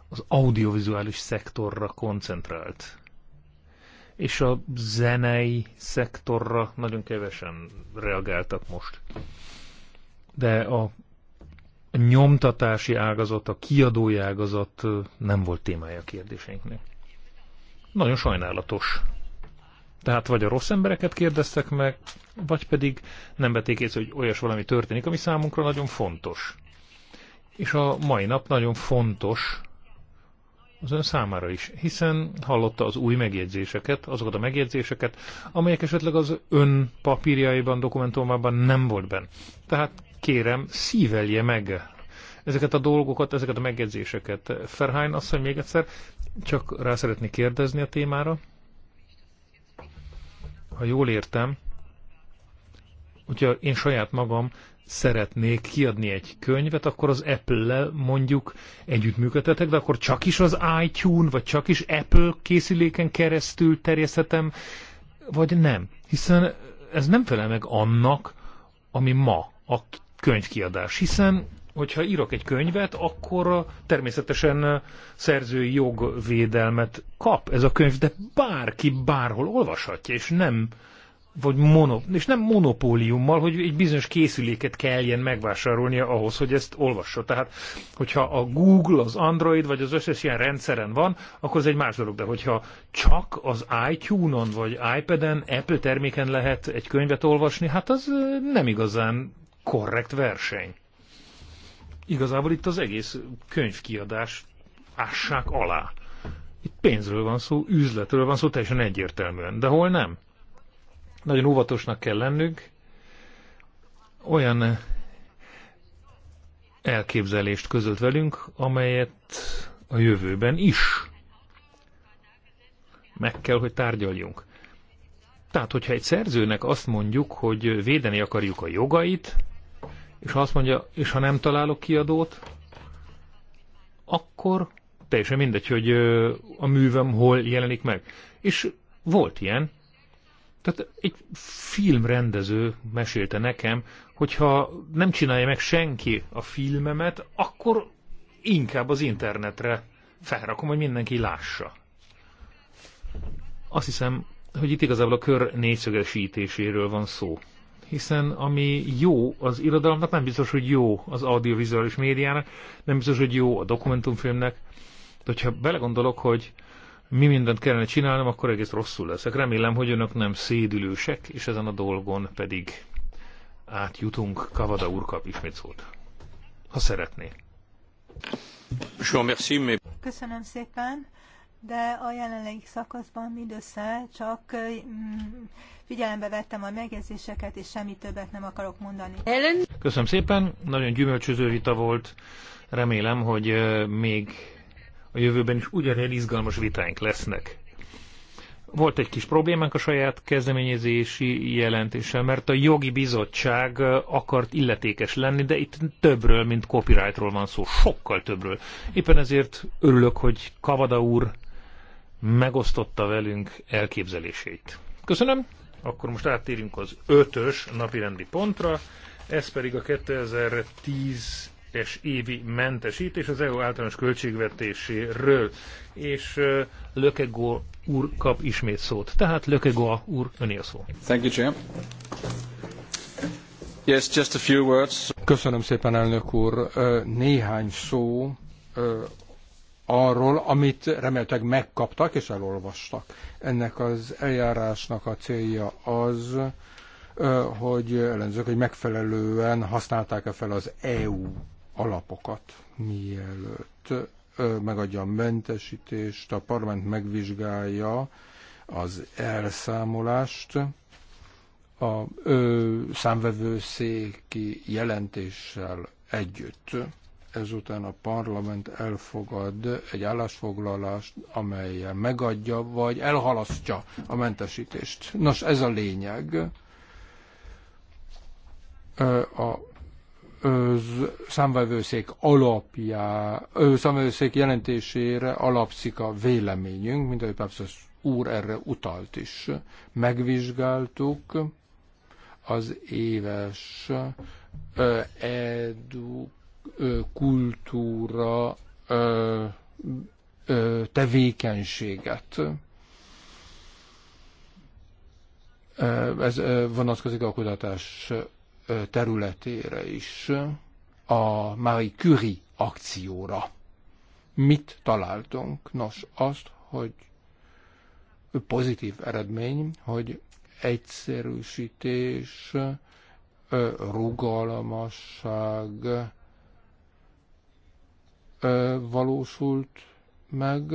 az audiovizuális szektorra koncentrált. És a zenei szektorra nagyon kevesen reagáltak most. De a nyomtatási ágazat, a kiadói ágazat nem volt témája a kérdéseinknek. Nagyon sajnálatos. Tehát vagy a rossz embereket kérdeztek meg, vagy pedig nem vették észre, hogy olyas valami történik, ami számunkra nagyon fontos. És a mai nap nagyon fontos az ön számára is, hiszen hallotta az új megjegyzéseket, azokat a megjegyzéseket, amelyek esetleg az ön papírjaiban, dokumentumában nem volt benne. Tehát kérem, szívelje meg ezeket a dolgokat, ezeket a megjegyzéseket. Ferhány asszony még egyszer, csak rá szeretnék kérdezni a témára. Ha jól értem, hogyha én saját magam szeretnék kiadni egy könyvet, akkor az Apple-lel mondjuk együttműködhetek, de akkor csak is az iTunes, vagy csak is Apple készüléken keresztül terjeszthetem, vagy nem. Hiszen ez nem felel meg annak, ami ma a könyvkiadás. Hiszen, hogyha írok egy könyvet, akkor természetesen szerzői jogvédelmet kap ez a könyv, de bárki bárhol olvashatja, és nem vagy mono, és nem monopóliummal, hogy egy bizonyos készüléket kelljen megvásárolnia ahhoz, hogy ezt olvassa. Tehát, hogyha a Google, az Android, vagy az összes ilyen rendszeren van, akkor ez egy más dolog. De hogyha csak az iTunes-on, vagy iPad-en, Apple terméken lehet egy könyvet olvasni, hát az nem igazán korrekt verseny. Igazából itt az egész könyvkiadás ássák alá. Itt pénzről van szó, üzletről van szó, teljesen egyértelműen. De hol nem? Nagyon óvatosnak kell lennünk, olyan elképzelést közölt velünk, amelyet a jövőben is meg kell, hogy tárgyaljunk. Tehát, hogyha egy szerzőnek azt mondjuk, hogy védeni akarjuk a jogait, és ha azt mondja, és ha nem találok kiadót, akkor teljesen mindegy, hogy a művem hol jelenik meg. És volt ilyen, tehát egy filmrendező mesélte nekem, hogyha nem csinálja meg senki a filmemet, akkor inkább az internetre felrakom, hogy mindenki lássa. Azt hiszem, hogy itt igazából a kör négyszögesítéséről van szó. Hiszen ami jó az irodalomnak, nem biztos, hogy jó az audiovizuális médiának, nem biztos, hogy jó a dokumentumfilmnek. De hogyha belegondolok, hogy mi mindent kellene csinálnom, akkor egész rosszul leszek. Remélem, hogy önök nem szédülősek, és ezen a dolgon pedig átjutunk. Kavada úr kap ismét szót. Ha szeretné. Köszönöm szépen, de a jelenlegi szakaszban mindössze csak mm, figyelembe vettem a megjegyzéseket, és semmi többet nem akarok mondani. Köszönöm szépen, nagyon gyümölcsöző vita volt. Remélem, hogy még a jövőben is ugyanilyen izgalmas vitáink lesznek. Volt egy kis problémánk a saját kezdeményezési jelentéssel, mert a jogi bizottság akart illetékes lenni, de itt többről, mint copyrightról van szó, sokkal többről. Éppen ezért örülök, hogy Kavada úr megosztotta velünk elképzeléseit. Köszönöm, akkor most áttérünk az ötös napirendi pontra, ez pedig a 2010 es évi mentesítés az EU általános költségvetéséről, és Lökegó úr kap ismét szót. Tehát Lökegó úr, öné a szó. Thank you, Jim. Yes, just a few words. Köszönöm szépen, elnök úr. Néhány szó arról, amit remélhetőleg megkaptak és elolvastak. Ennek az eljárásnak a célja az, hogy ellenzők, hogy megfelelően használták-e fel az EU alapokat, mielőtt megadja a mentesítést, a parlament megvizsgálja az elszámolást, a ö, számvevőszéki jelentéssel együtt. Ezután a parlament elfogad egy állásfoglalást, amelyen megadja vagy elhalasztja a mentesítést. Nos, ez a lényeg. A számvevőszék alapjá, számvevőszék jelentésére alapszik a véleményünk, mint ahogy az úr erre utalt is. Megvizsgáltuk az éves edu, kultúra tevékenységet. Ez vonatkozik a kutatás területére is, a Marie Curie akcióra. Mit találtunk? Nos, azt, hogy pozitív eredmény, hogy egyszerűsítés, rugalmasság valósult meg,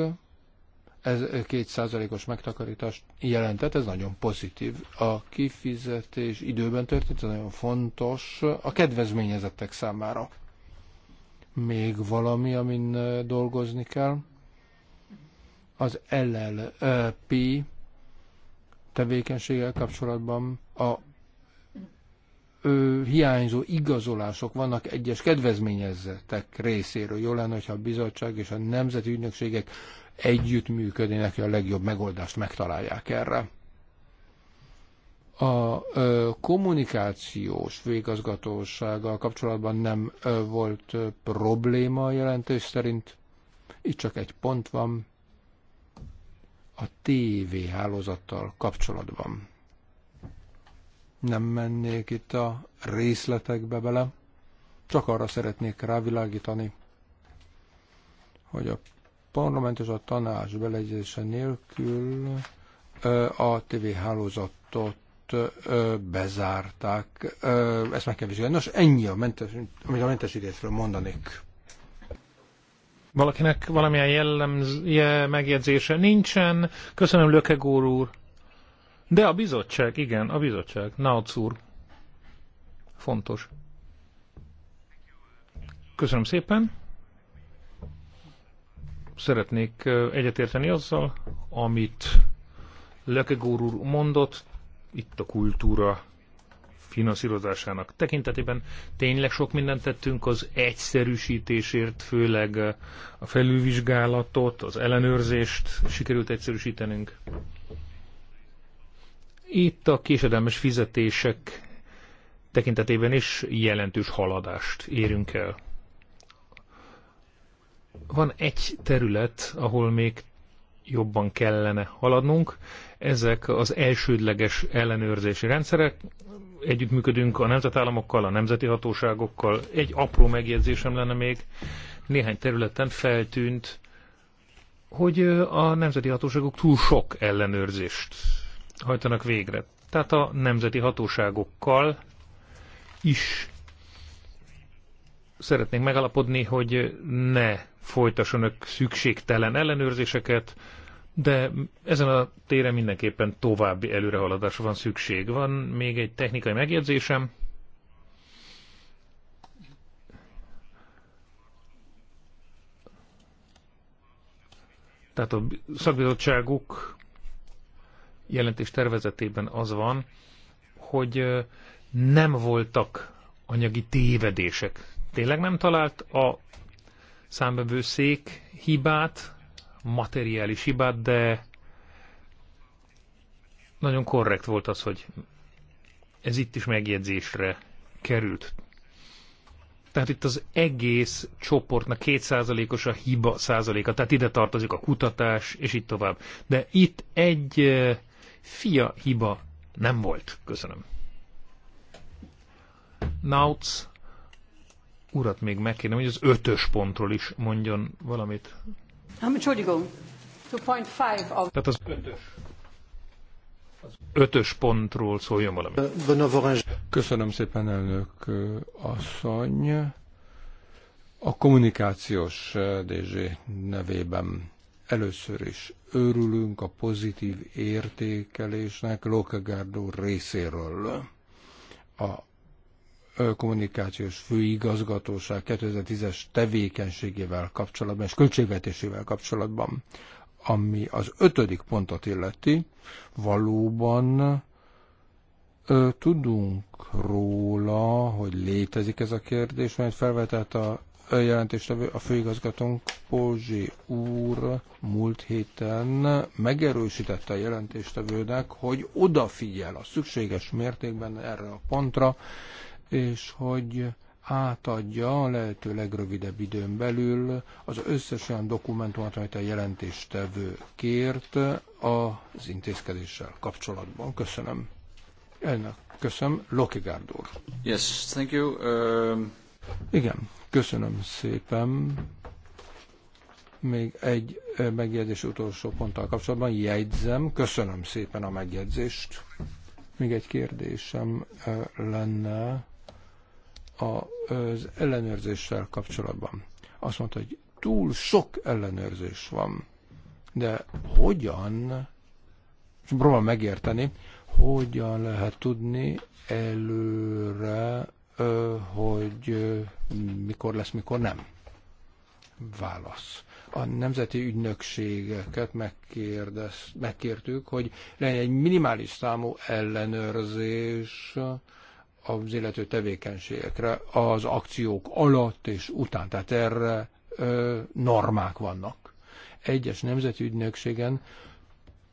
ez két százalékos megtakarítást jelentett, ez nagyon pozitív. A kifizetés időben történt, ez nagyon fontos a kedvezményezettek számára. Még valami, amin dolgozni kell. Az LLP tevékenységgel kapcsolatban a ő, hiányzó igazolások vannak egyes kedvezményezettek részéről. Jó lenne, hogyha a bizottság és a nemzeti ügynökségek együttműködni, neki a legjobb megoldást megtalálják erre. A kommunikációs végazgatósággal kapcsolatban nem volt probléma a jelentés szerint. Itt csak egy pont van a TV hálózattal kapcsolatban. Nem mennék itt a részletekbe bele, csak arra szeretnék rávilágítani, hogy a parlament és a tanács beleegyezése nélkül a TV hálózatot bezárták. Ezt meg kell vizsgálni. Nos, ennyi a mentes, amit a mentesítésről mondanék. Valakinek valamilyen jellemzője, megjegyzése nincsen. Köszönöm, Gór úr. De a bizottság, igen, a bizottság. Nautz úr. Fontos. Köszönöm szépen szeretnék egyetérteni azzal, amit Lekegór úr mondott, itt a kultúra finanszírozásának tekintetében. Tényleg sok mindent tettünk az egyszerűsítésért, főleg a felülvizsgálatot, az ellenőrzést sikerült egyszerűsítenünk. Itt a késedelmes fizetések tekintetében is jelentős haladást érünk el. Van egy terület, ahol még jobban kellene haladnunk. Ezek az elsődleges ellenőrzési rendszerek. Együttműködünk a nemzetállamokkal, a nemzeti hatóságokkal. Egy apró megjegyzésem lenne még. Néhány területen feltűnt, hogy a nemzeti hatóságok túl sok ellenőrzést hajtanak végre. Tehát a nemzeti hatóságokkal is szeretnénk megalapodni, hogy ne folytassanak szükségtelen ellenőrzéseket, de ezen a téren mindenképpen további előrehaladásra van szükség. Van még egy technikai megjegyzésem. Tehát a szakbizottságuk jelentés tervezetében az van, hogy nem voltak anyagi tévedések. Tényleg nem talált a számbevőszék hibát, materiális hibát, de nagyon korrekt volt az, hogy ez itt is megjegyzésre került. Tehát itt az egész csoportnak kétszázalékos a hiba százaléka, tehát ide tartozik a kutatás, és itt tovább. De itt egy fia hiba nem volt. Köszönöm. Nauts urat még megkérném, hogy az ötös pontról is mondjon valamit. Nem, Entschuldigung. 2.5 of... Tehát az ötös. Az ötös pontról szóljon valami. Köszönöm szépen, elnök asszony. A kommunikációs DG nevében először is örülünk a pozitív értékelésnek Lokegárd részéről. A kommunikációs főigazgatóság 2010-es tevékenységével kapcsolatban és költségvetésével kapcsolatban, ami az ötödik pontot illeti, valóban ö, tudunk róla, hogy létezik ez a kérdés, mert felvetett a jelentéstevő, a főigazgatónk Pózsi úr múlt héten megerősítette a jelentéstevőnek, hogy odafigyel a szükséges mértékben erre a pontra, és hogy átadja a lehető legrövidebb időn belül az összes olyan dokumentumot, amit a jelentéstevő kért az intézkedéssel kapcsolatban. Köszönöm. Elnök, köszönöm. Loki úr. Yes, thank you. Um... Igen, köszönöm szépen. Még egy eh, megjegyzés utolsó ponttal kapcsolatban jegyzem. Köszönöm szépen a megjegyzést. Még egy kérdésem eh, lenne az ellenőrzéssel kapcsolatban. Azt mondta, hogy túl sok ellenőrzés van. De hogyan, próbál megérteni, hogyan lehet tudni előre, hogy mikor lesz, mikor nem? Válasz. A nemzeti ügynökségeket megkérdez, megkértük, hogy legyen egy minimális számú ellenőrzés, az illető tevékenységekre az akciók alatt és után. Tehát erre ö, normák vannak. Egyes nemzeti ügynökségen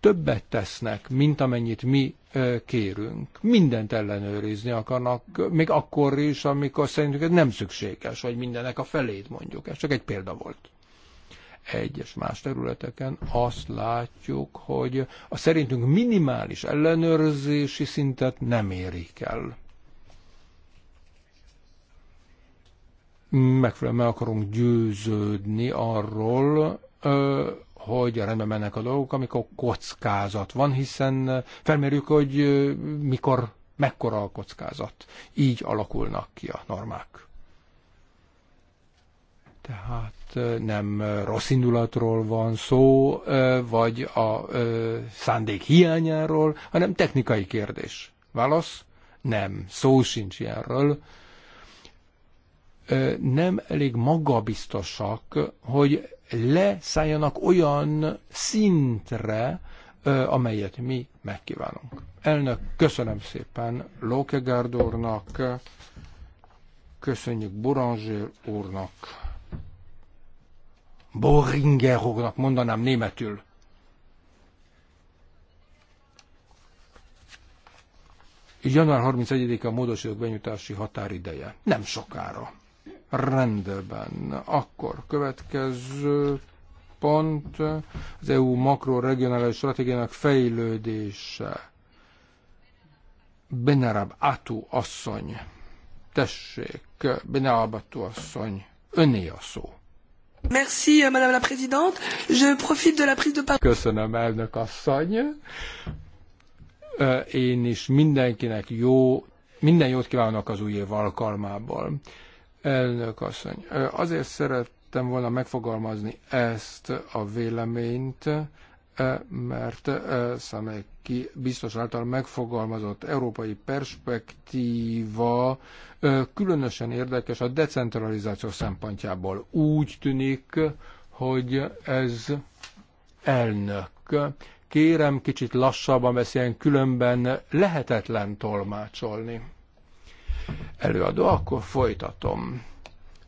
többet tesznek, mint amennyit mi ö, kérünk. Mindent ellenőrizni akarnak, még akkor is, amikor szerintük ez nem szükséges, vagy mindennek a felét mondjuk. Ez csak egy példa volt egyes más területeken azt látjuk, hogy a szerintünk minimális ellenőrzési szintet nem érik el. megfelelően meg akarunk győződni arról, hogy rendben mennek a dolgok, amikor kockázat van, hiszen felmérjük, hogy mikor, mekkora a kockázat. Így alakulnak ki a normák. Tehát nem rossz indulatról van szó, vagy a szándék hiányáról, hanem technikai kérdés. Válasz? Nem, szó sincs ilyenről nem elég magabiztosak, hogy leszálljanak olyan szintre, amelyet mi megkívánunk. Elnök, köszönöm szépen Lókegárd úrnak, köszönjük Boranger úrnak, Boringer úrnak, mondanám németül. január 31-e a módosítók benyújtási határideje. Nem sokára. Rendben. Akkor következő pont az EU makroregionális stratégiának fejlődése. Benarab Atu asszony. Tessék, Benarab Atu asszony, öné a szó. Merci, Madame la Présidente. Je profite de la prise de parole. Köszönöm, elnök asszony. Én is mindenkinek jó, minden jót kívánok az új év alkalmából. Elnök asszony, azért szerettem volna megfogalmazni ezt a véleményt, mert Szameki biztos által megfogalmazott európai perspektíva különösen érdekes a decentralizáció szempontjából. Úgy tűnik, hogy ez elnök. Kérem, kicsit lassabban beszéljen, különben lehetetlen tolmácsolni előadó, akkor folytatom.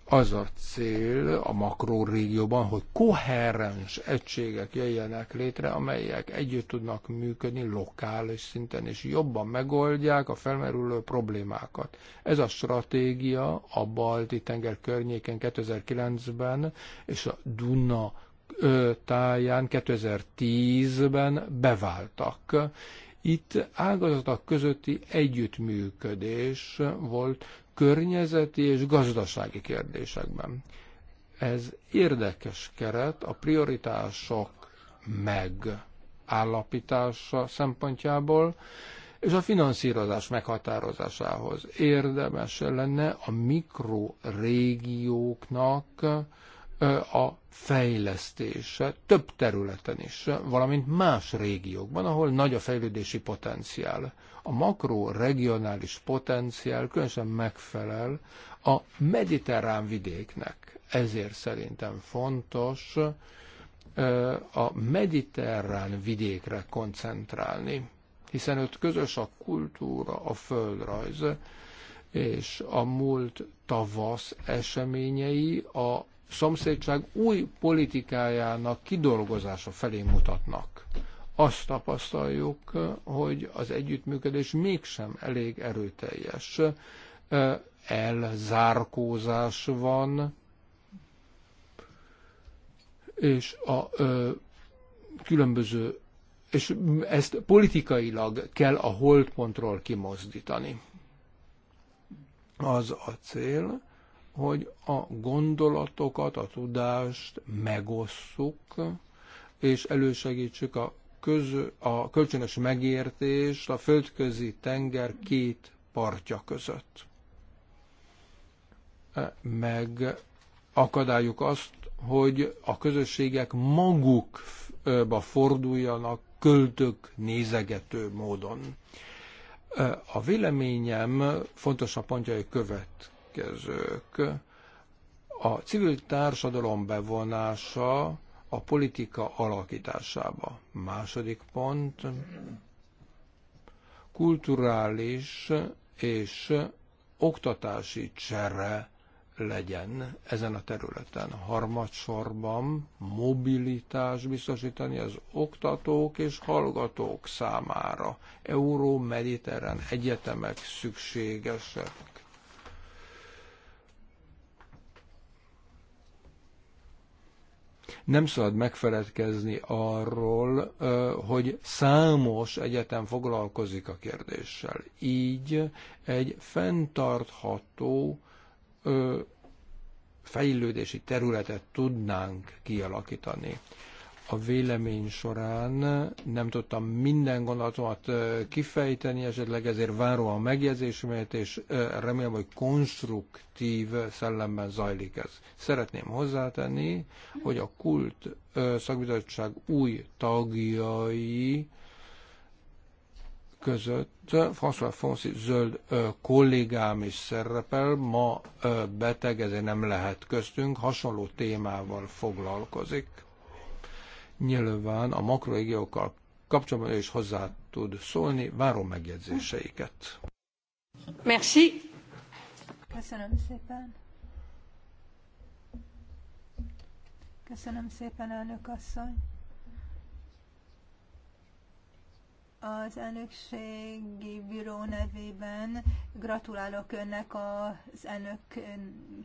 Az a cél a makrórégióban, hogy koherens egységek jöjjenek létre, amelyek együtt tudnak működni lokális szinten, és jobban megoldják a felmerülő problémákat. Ez a stratégia a Balti-tenger környéken 2009-ben és a Duna táján 2010-ben beváltak itt ágazatok közötti együttműködés volt környezeti és gazdasági kérdésekben. Ez érdekes keret a prioritások megállapítása szempontjából, és a finanszírozás meghatározásához érdemes lenne a mikrorégióknak a fejlesztése több területen is, valamint más régiókban, ahol nagy a fejlődési potenciál. A makroregionális potenciál különösen megfelel a mediterrán vidéknek. Ezért szerintem fontos a mediterrán vidékre koncentrálni, hiszen ott közös a kultúra, a földrajz, és a múlt tavasz eseményei a szomszédság új politikájának kidolgozása felé mutatnak. Azt tapasztaljuk, hogy az együttműködés mégsem elég erőteljes. Elzárkózás van, és a ö, különböző, és ezt politikailag kell a holdpontról kimozdítani. Az a cél, hogy a gondolatokat, a tudást megosszuk, és elősegítsük a, köz, a kölcsönös megértést a földközi tenger két partja között. Meg akadályuk azt, hogy a közösségek magukba forduljanak költök nézegető módon. A véleményem fontosabb pontjai követ következők. A civil társadalom bevonása a politika alakításába. Második pont, kulturális és oktatási csere legyen ezen a területen. Harmadsorban mobilitás biztosítani az oktatók és hallgatók számára. Euró-mediterrán egyetemek szükségesek Nem szabad megfeledkezni arról, hogy számos egyetem foglalkozik a kérdéssel. Így egy fenntartható fejlődési területet tudnánk kialakítani a vélemény során nem tudtam minden gondolatomat kifejteni, esetleg ezért várom a megjegyzésemet, és remélem, hogy konstruktív szellemben zajlik ez. Szeretném hozzátenni, hogy a kult szakbizottság új tagjai között François Fonsi zöld kollégám is szerepel, ma beteg, ezért nem lehet köztünk, hasonló témával foglalkozik Nyilván a makrorégiókkal kapcsolatban is hozzá tud szólni, várom megjegyzéseiket. Merci. Köszönöm szépen. Köszönöm szépen, elnök asszony. Az elnökségi bíró nevében gratulálok önnek az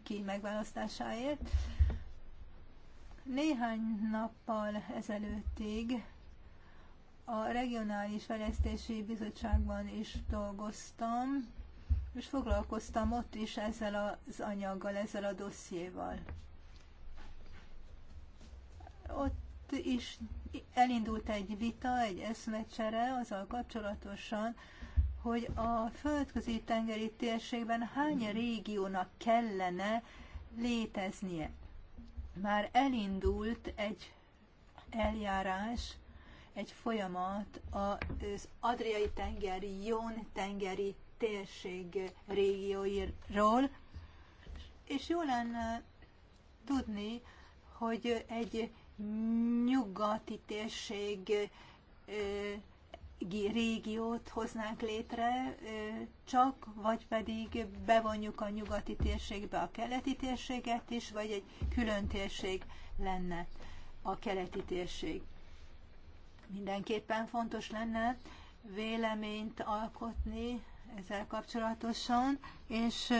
ki megválasztásáért. Néhány nappal ezelőttig a Regionális Fejlesztési Bizottságban is dolgoztam, és foglalkoztam ott is ezzel az anyaggal, ezzel a dossziéval. Ott is elindult egy vita, egy eszmecsere azzal kapcsolatosan, hogy a földközi tengeri térségben hány régiónak kellene léteznie már elindult egy eljárás, egy folyamat az Adriai tengeri, Jón tengeri térség régióiról, és jó lenne tudni, hogy egy nyugati térség régiót hoznánk létre csak, vagy pedig bevonjuk a nyugati térségbe a keleti térséget is, vagy egy külön térség lenne a keleti térség. Mindenképpen fontos lenne véleményt alkotni ezzel kapcsolatosan, és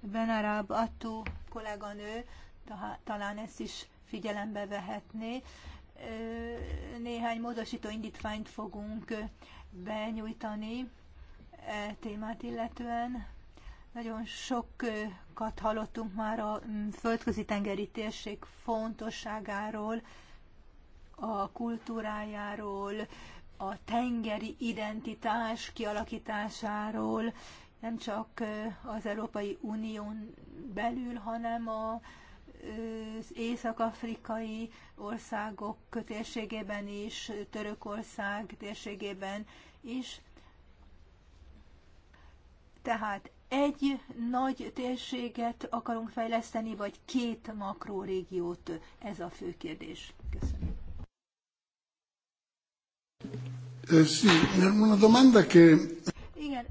Benarab Attu kolléganő talán ezt is figyelembe vehetné, néhány módosító indítványt fogunk benyújtani e témát illetően. Nagyon sokat hallottunk már a földközi tengeri térség fontosságáról, a kultúrájáról, a tengeri identitás kialakításáról, nem csak az Európai Unión belül, hanem a észak-afrikai országok térségében is, Törökország térségében is. Tehát egy nagy térséget akarunk fejleszteni, vagy két makrórégiót? Ez a fő kérdés. Köszönöm. Eh, Igen,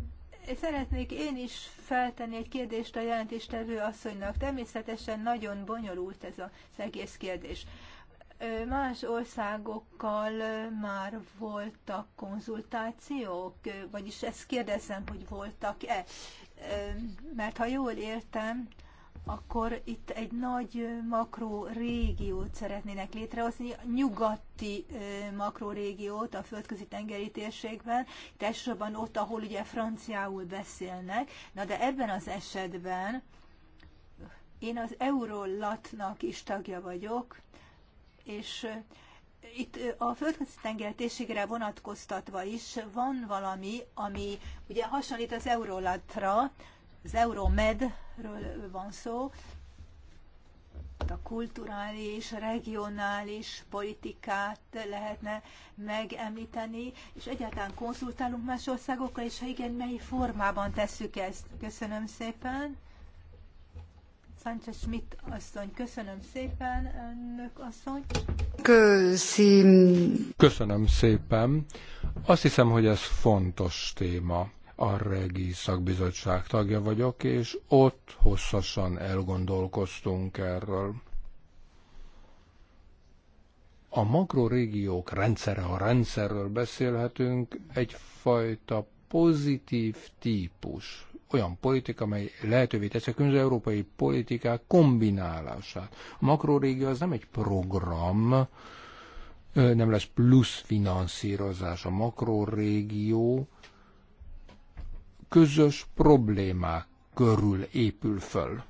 Szeretnék én is feltenni egy kérdést a jelentéstevő asszonynak. Természetesen nagyon bonyolult ez az egész kérdés. Más országokkal már voltak konzultációk, vagyis ezt kérdezem, hogy voltak-e. Mert ha jól értem, akkor itt egy nagy makró régiót szeretnének létrehozni, nyugati makró régiót a földközi tengeri térségben, itt elsősorban ott, ahol ugye franciául beszélnek. Na de ebben az esetben én az Eurolatnak is tagja vagyok, és itt a földközi tenger térségre vonatkoztatva is van valami, ami ugye hasonlít az Eurolatra, az Euromedről van szó, a kulturális, regionális politikát lehetne megemlíteni, és egyáltalán konzultálunk más országokkal, és ha igen, mely formában tesszük ezt. Köszönöm szépen. Sánchez Schmidt asszony, köszönöm szépen, önök asszony. Köszönöm. Köszönöm szépen. Azt hiszem, hogy ez fontos téma a regi szakbizottság tagja vagyok, és ott hosszasan elgondolkoztunk erről. A makrorégiók rendszere, ha rendszerről beszélhetünk, egyfajta pozitív típus, olyan politika, amely lehetővé teszi a különböző európai politikák kombinálását. A makrorégió az nem egy program, nem lesz plusz finanszírozás. A makrorégió közös problémák körül épül föl.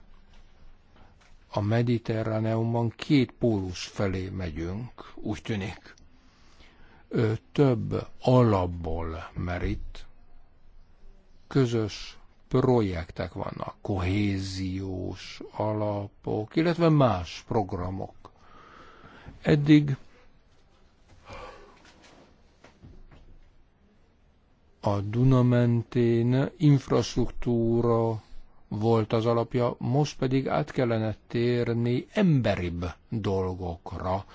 A Mediterráneumban két pólus felé megyünk, úgy tűnik. Ő több alapból merít, közös projektek vannak, kohéziós alapok, illetve más programok. Eddig A Duna mentén infrastruktúra volt az alapja, most pedig át kellene térni emberibb dolgokra,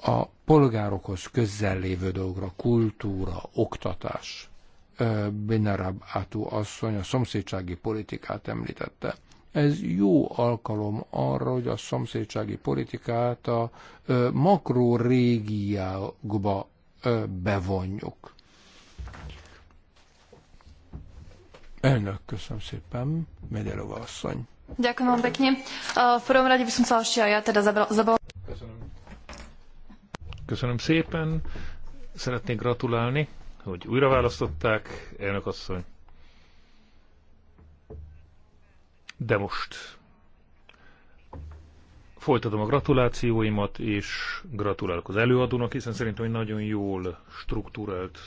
a polgárokhoz közel lévő dolgokra, kultúra, oktatás. Benarab Atu asszony a szomszédsági politikát említette. Ez jó alkalom arra, hogy a szomszédsági politikát a makró régiákba bevonjuk. Elnök, köszönöm szépen. Medelova asszony. Ďakujem vám pekne. V prvom rade by som sa ešte aj ja teda Köszönöm. Köszönöm szépen. Szeretnék gratulálni, hogy újra választották, elnök asszony. De most folytatom a gratulációimat, és gratulálok az előadónak, hiszen szerintem egy nagyon jól struktúrált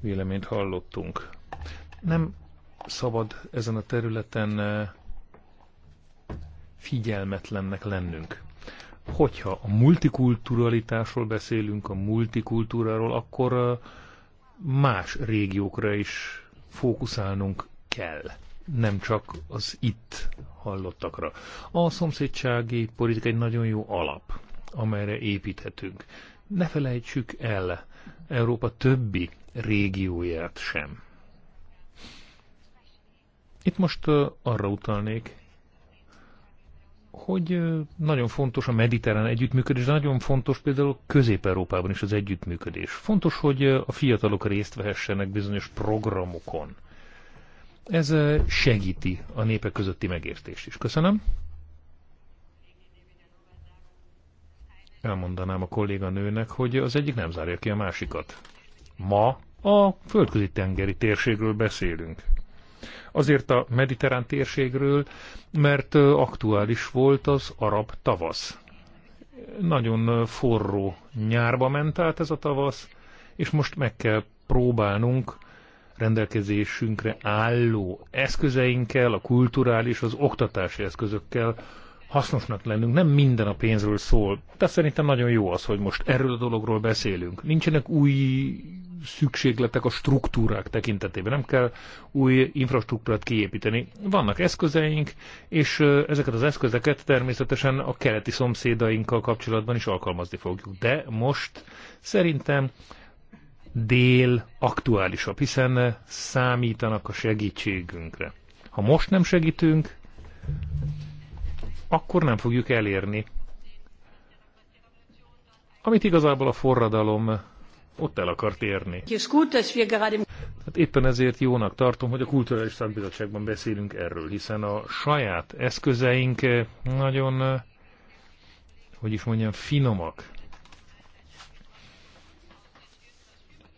véleményt hallottunk. Nem szabad ezen a területen figyelmetlennek lennünk. Hogyha a multikulturalitásról beszélünk, a multikultúráról, akkor más régiókra is fókuszálnunk kell, nem csak az itt hallottakra. A szomszédsági politika egy nagyon jó alap, amelyre építhetünk. Ne felejtsük el Európa többi régióját sem. Itt most arra utalnék, hogy nagyon fontos a mediterrán együttműködés, de nagyon fontos például Közép-Európában is az együttműködés. Fontos, hogy a fiatalok részt vehessenek bizonyos programokon. Ez segíti a népek közötti megértést is. Köszönöm. Elmondanám a kolléganőnek, hogy az egyik nem zárja ki a másikat. Ma a földközi tengeri térségről beszélünk. Azért a mediterrán térségről, mert aktuális volt az arab tavasz. Nagyon forró nyárba ment át ez a tavasz, és most meg kell próbálnunk rendelkezésünkre álló eszközeinkkel, a kulturális, az oktatási eszközökkel hasznosnak lennünk, nem minden a pénzről szól. De szerintem nagyon jó az, hogy most erről a dologról beszélünk. Nincsenek új szükségletek a struktúrák tekintetében, nem kell új infrastruktúrát kiépíteni. Vannak eszközeink, és ezeket az eszközeket természetesen a keleti szomszédainkkal kapcsolatban is alkalmazni fogjuk. De most szerintem dél aktuálisabb, hiszen számítanak a segítségünkre. Ha most nem segítünk, akkor nem fogjuk elérni. Amit igazából a forradalom ott el akart érni. Hát éppen ezért jónak tartom, hogy a Kulturális Szakbizottságban beszélünk erről, hiszen a saját eszközeink eh, nagyon, eh, hogy is mondjam, finomak.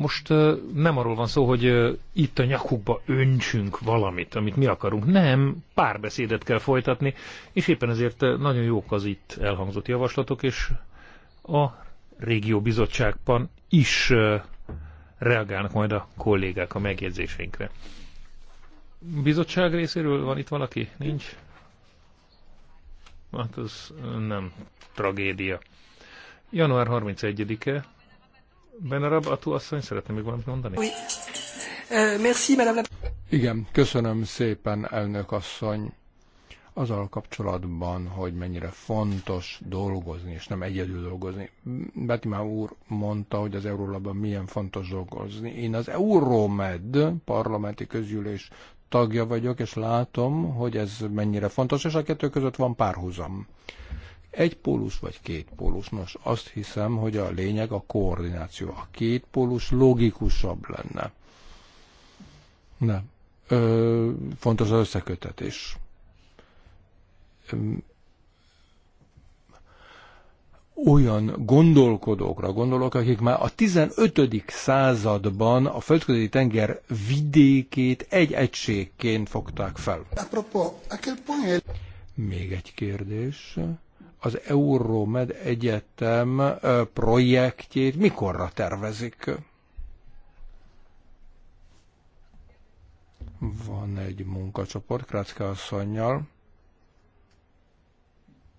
Most nem arról van szó, hogy itt a nyakukba öntsünk valamit, amit mi akarunk. Nem, párbeszédet kell folytatni, és éppen ezért nagyon jók az itt elhangzott javaslatok, és a régió bizottságban is reagálnak majd a kollégák a megjegyzéseinkre. Bizottság részéről van itt valaki? Nincs? Hát ez nem tragédia. Január 31-e Benarab Atu asszony, szeretne még valamit mondani? Oui. Euh, merci, madame Igen, köszönöm szépen, elnök asszony. Azzal kapcsolatban, hogy mennyire fontos dolgozni, és nem egyedül dolgozni. Betimá úr mondta, hogy az Eurólabban milyen fontos dolgozni. Én az Euromed parlamenti közgyűlés tagja vagyok, és látom, hogy ez mennyire fontos, és a kettő között van párhuzam egy pólus vagy két pólus. Nos, azt hiszem, hogy a lényeg a koordináció. A két pólus logikusabb lenne. Nem. Ö, fontos az összekötetés. olyan gondolkodókra gondolok, akik már a 15. században a földközi tenger vidékét egy egységként fogták fel. Még egy kérdés az Euromed Egyetem projektjét mikorra tervezik? Van egy munkacsoport Krácke asszonynal,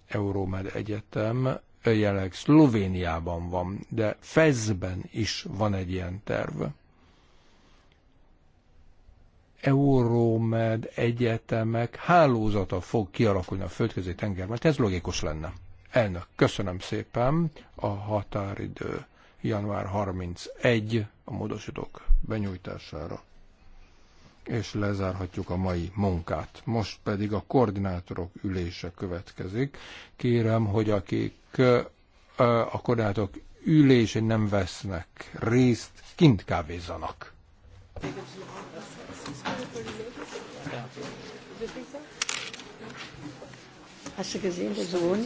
Euromed Egyetem jelenleg Szlovéniában van, de Fezben is van egy ilyen terv. Euromed egyetemek hálózata fog kialakulni a földközi tengerben. Ez logikus lenne. Elnök, köszönöm szépen a határidő január 31 a módosítók benyújtására. És lezárhatjuk a mai munkát. Most pedig a koordinátorok ülése következik. Kérem, hogy akik a koordinátorok ülésén nem vesznek részt, kint kávézzanak. Hast du gesehen, der Sohn?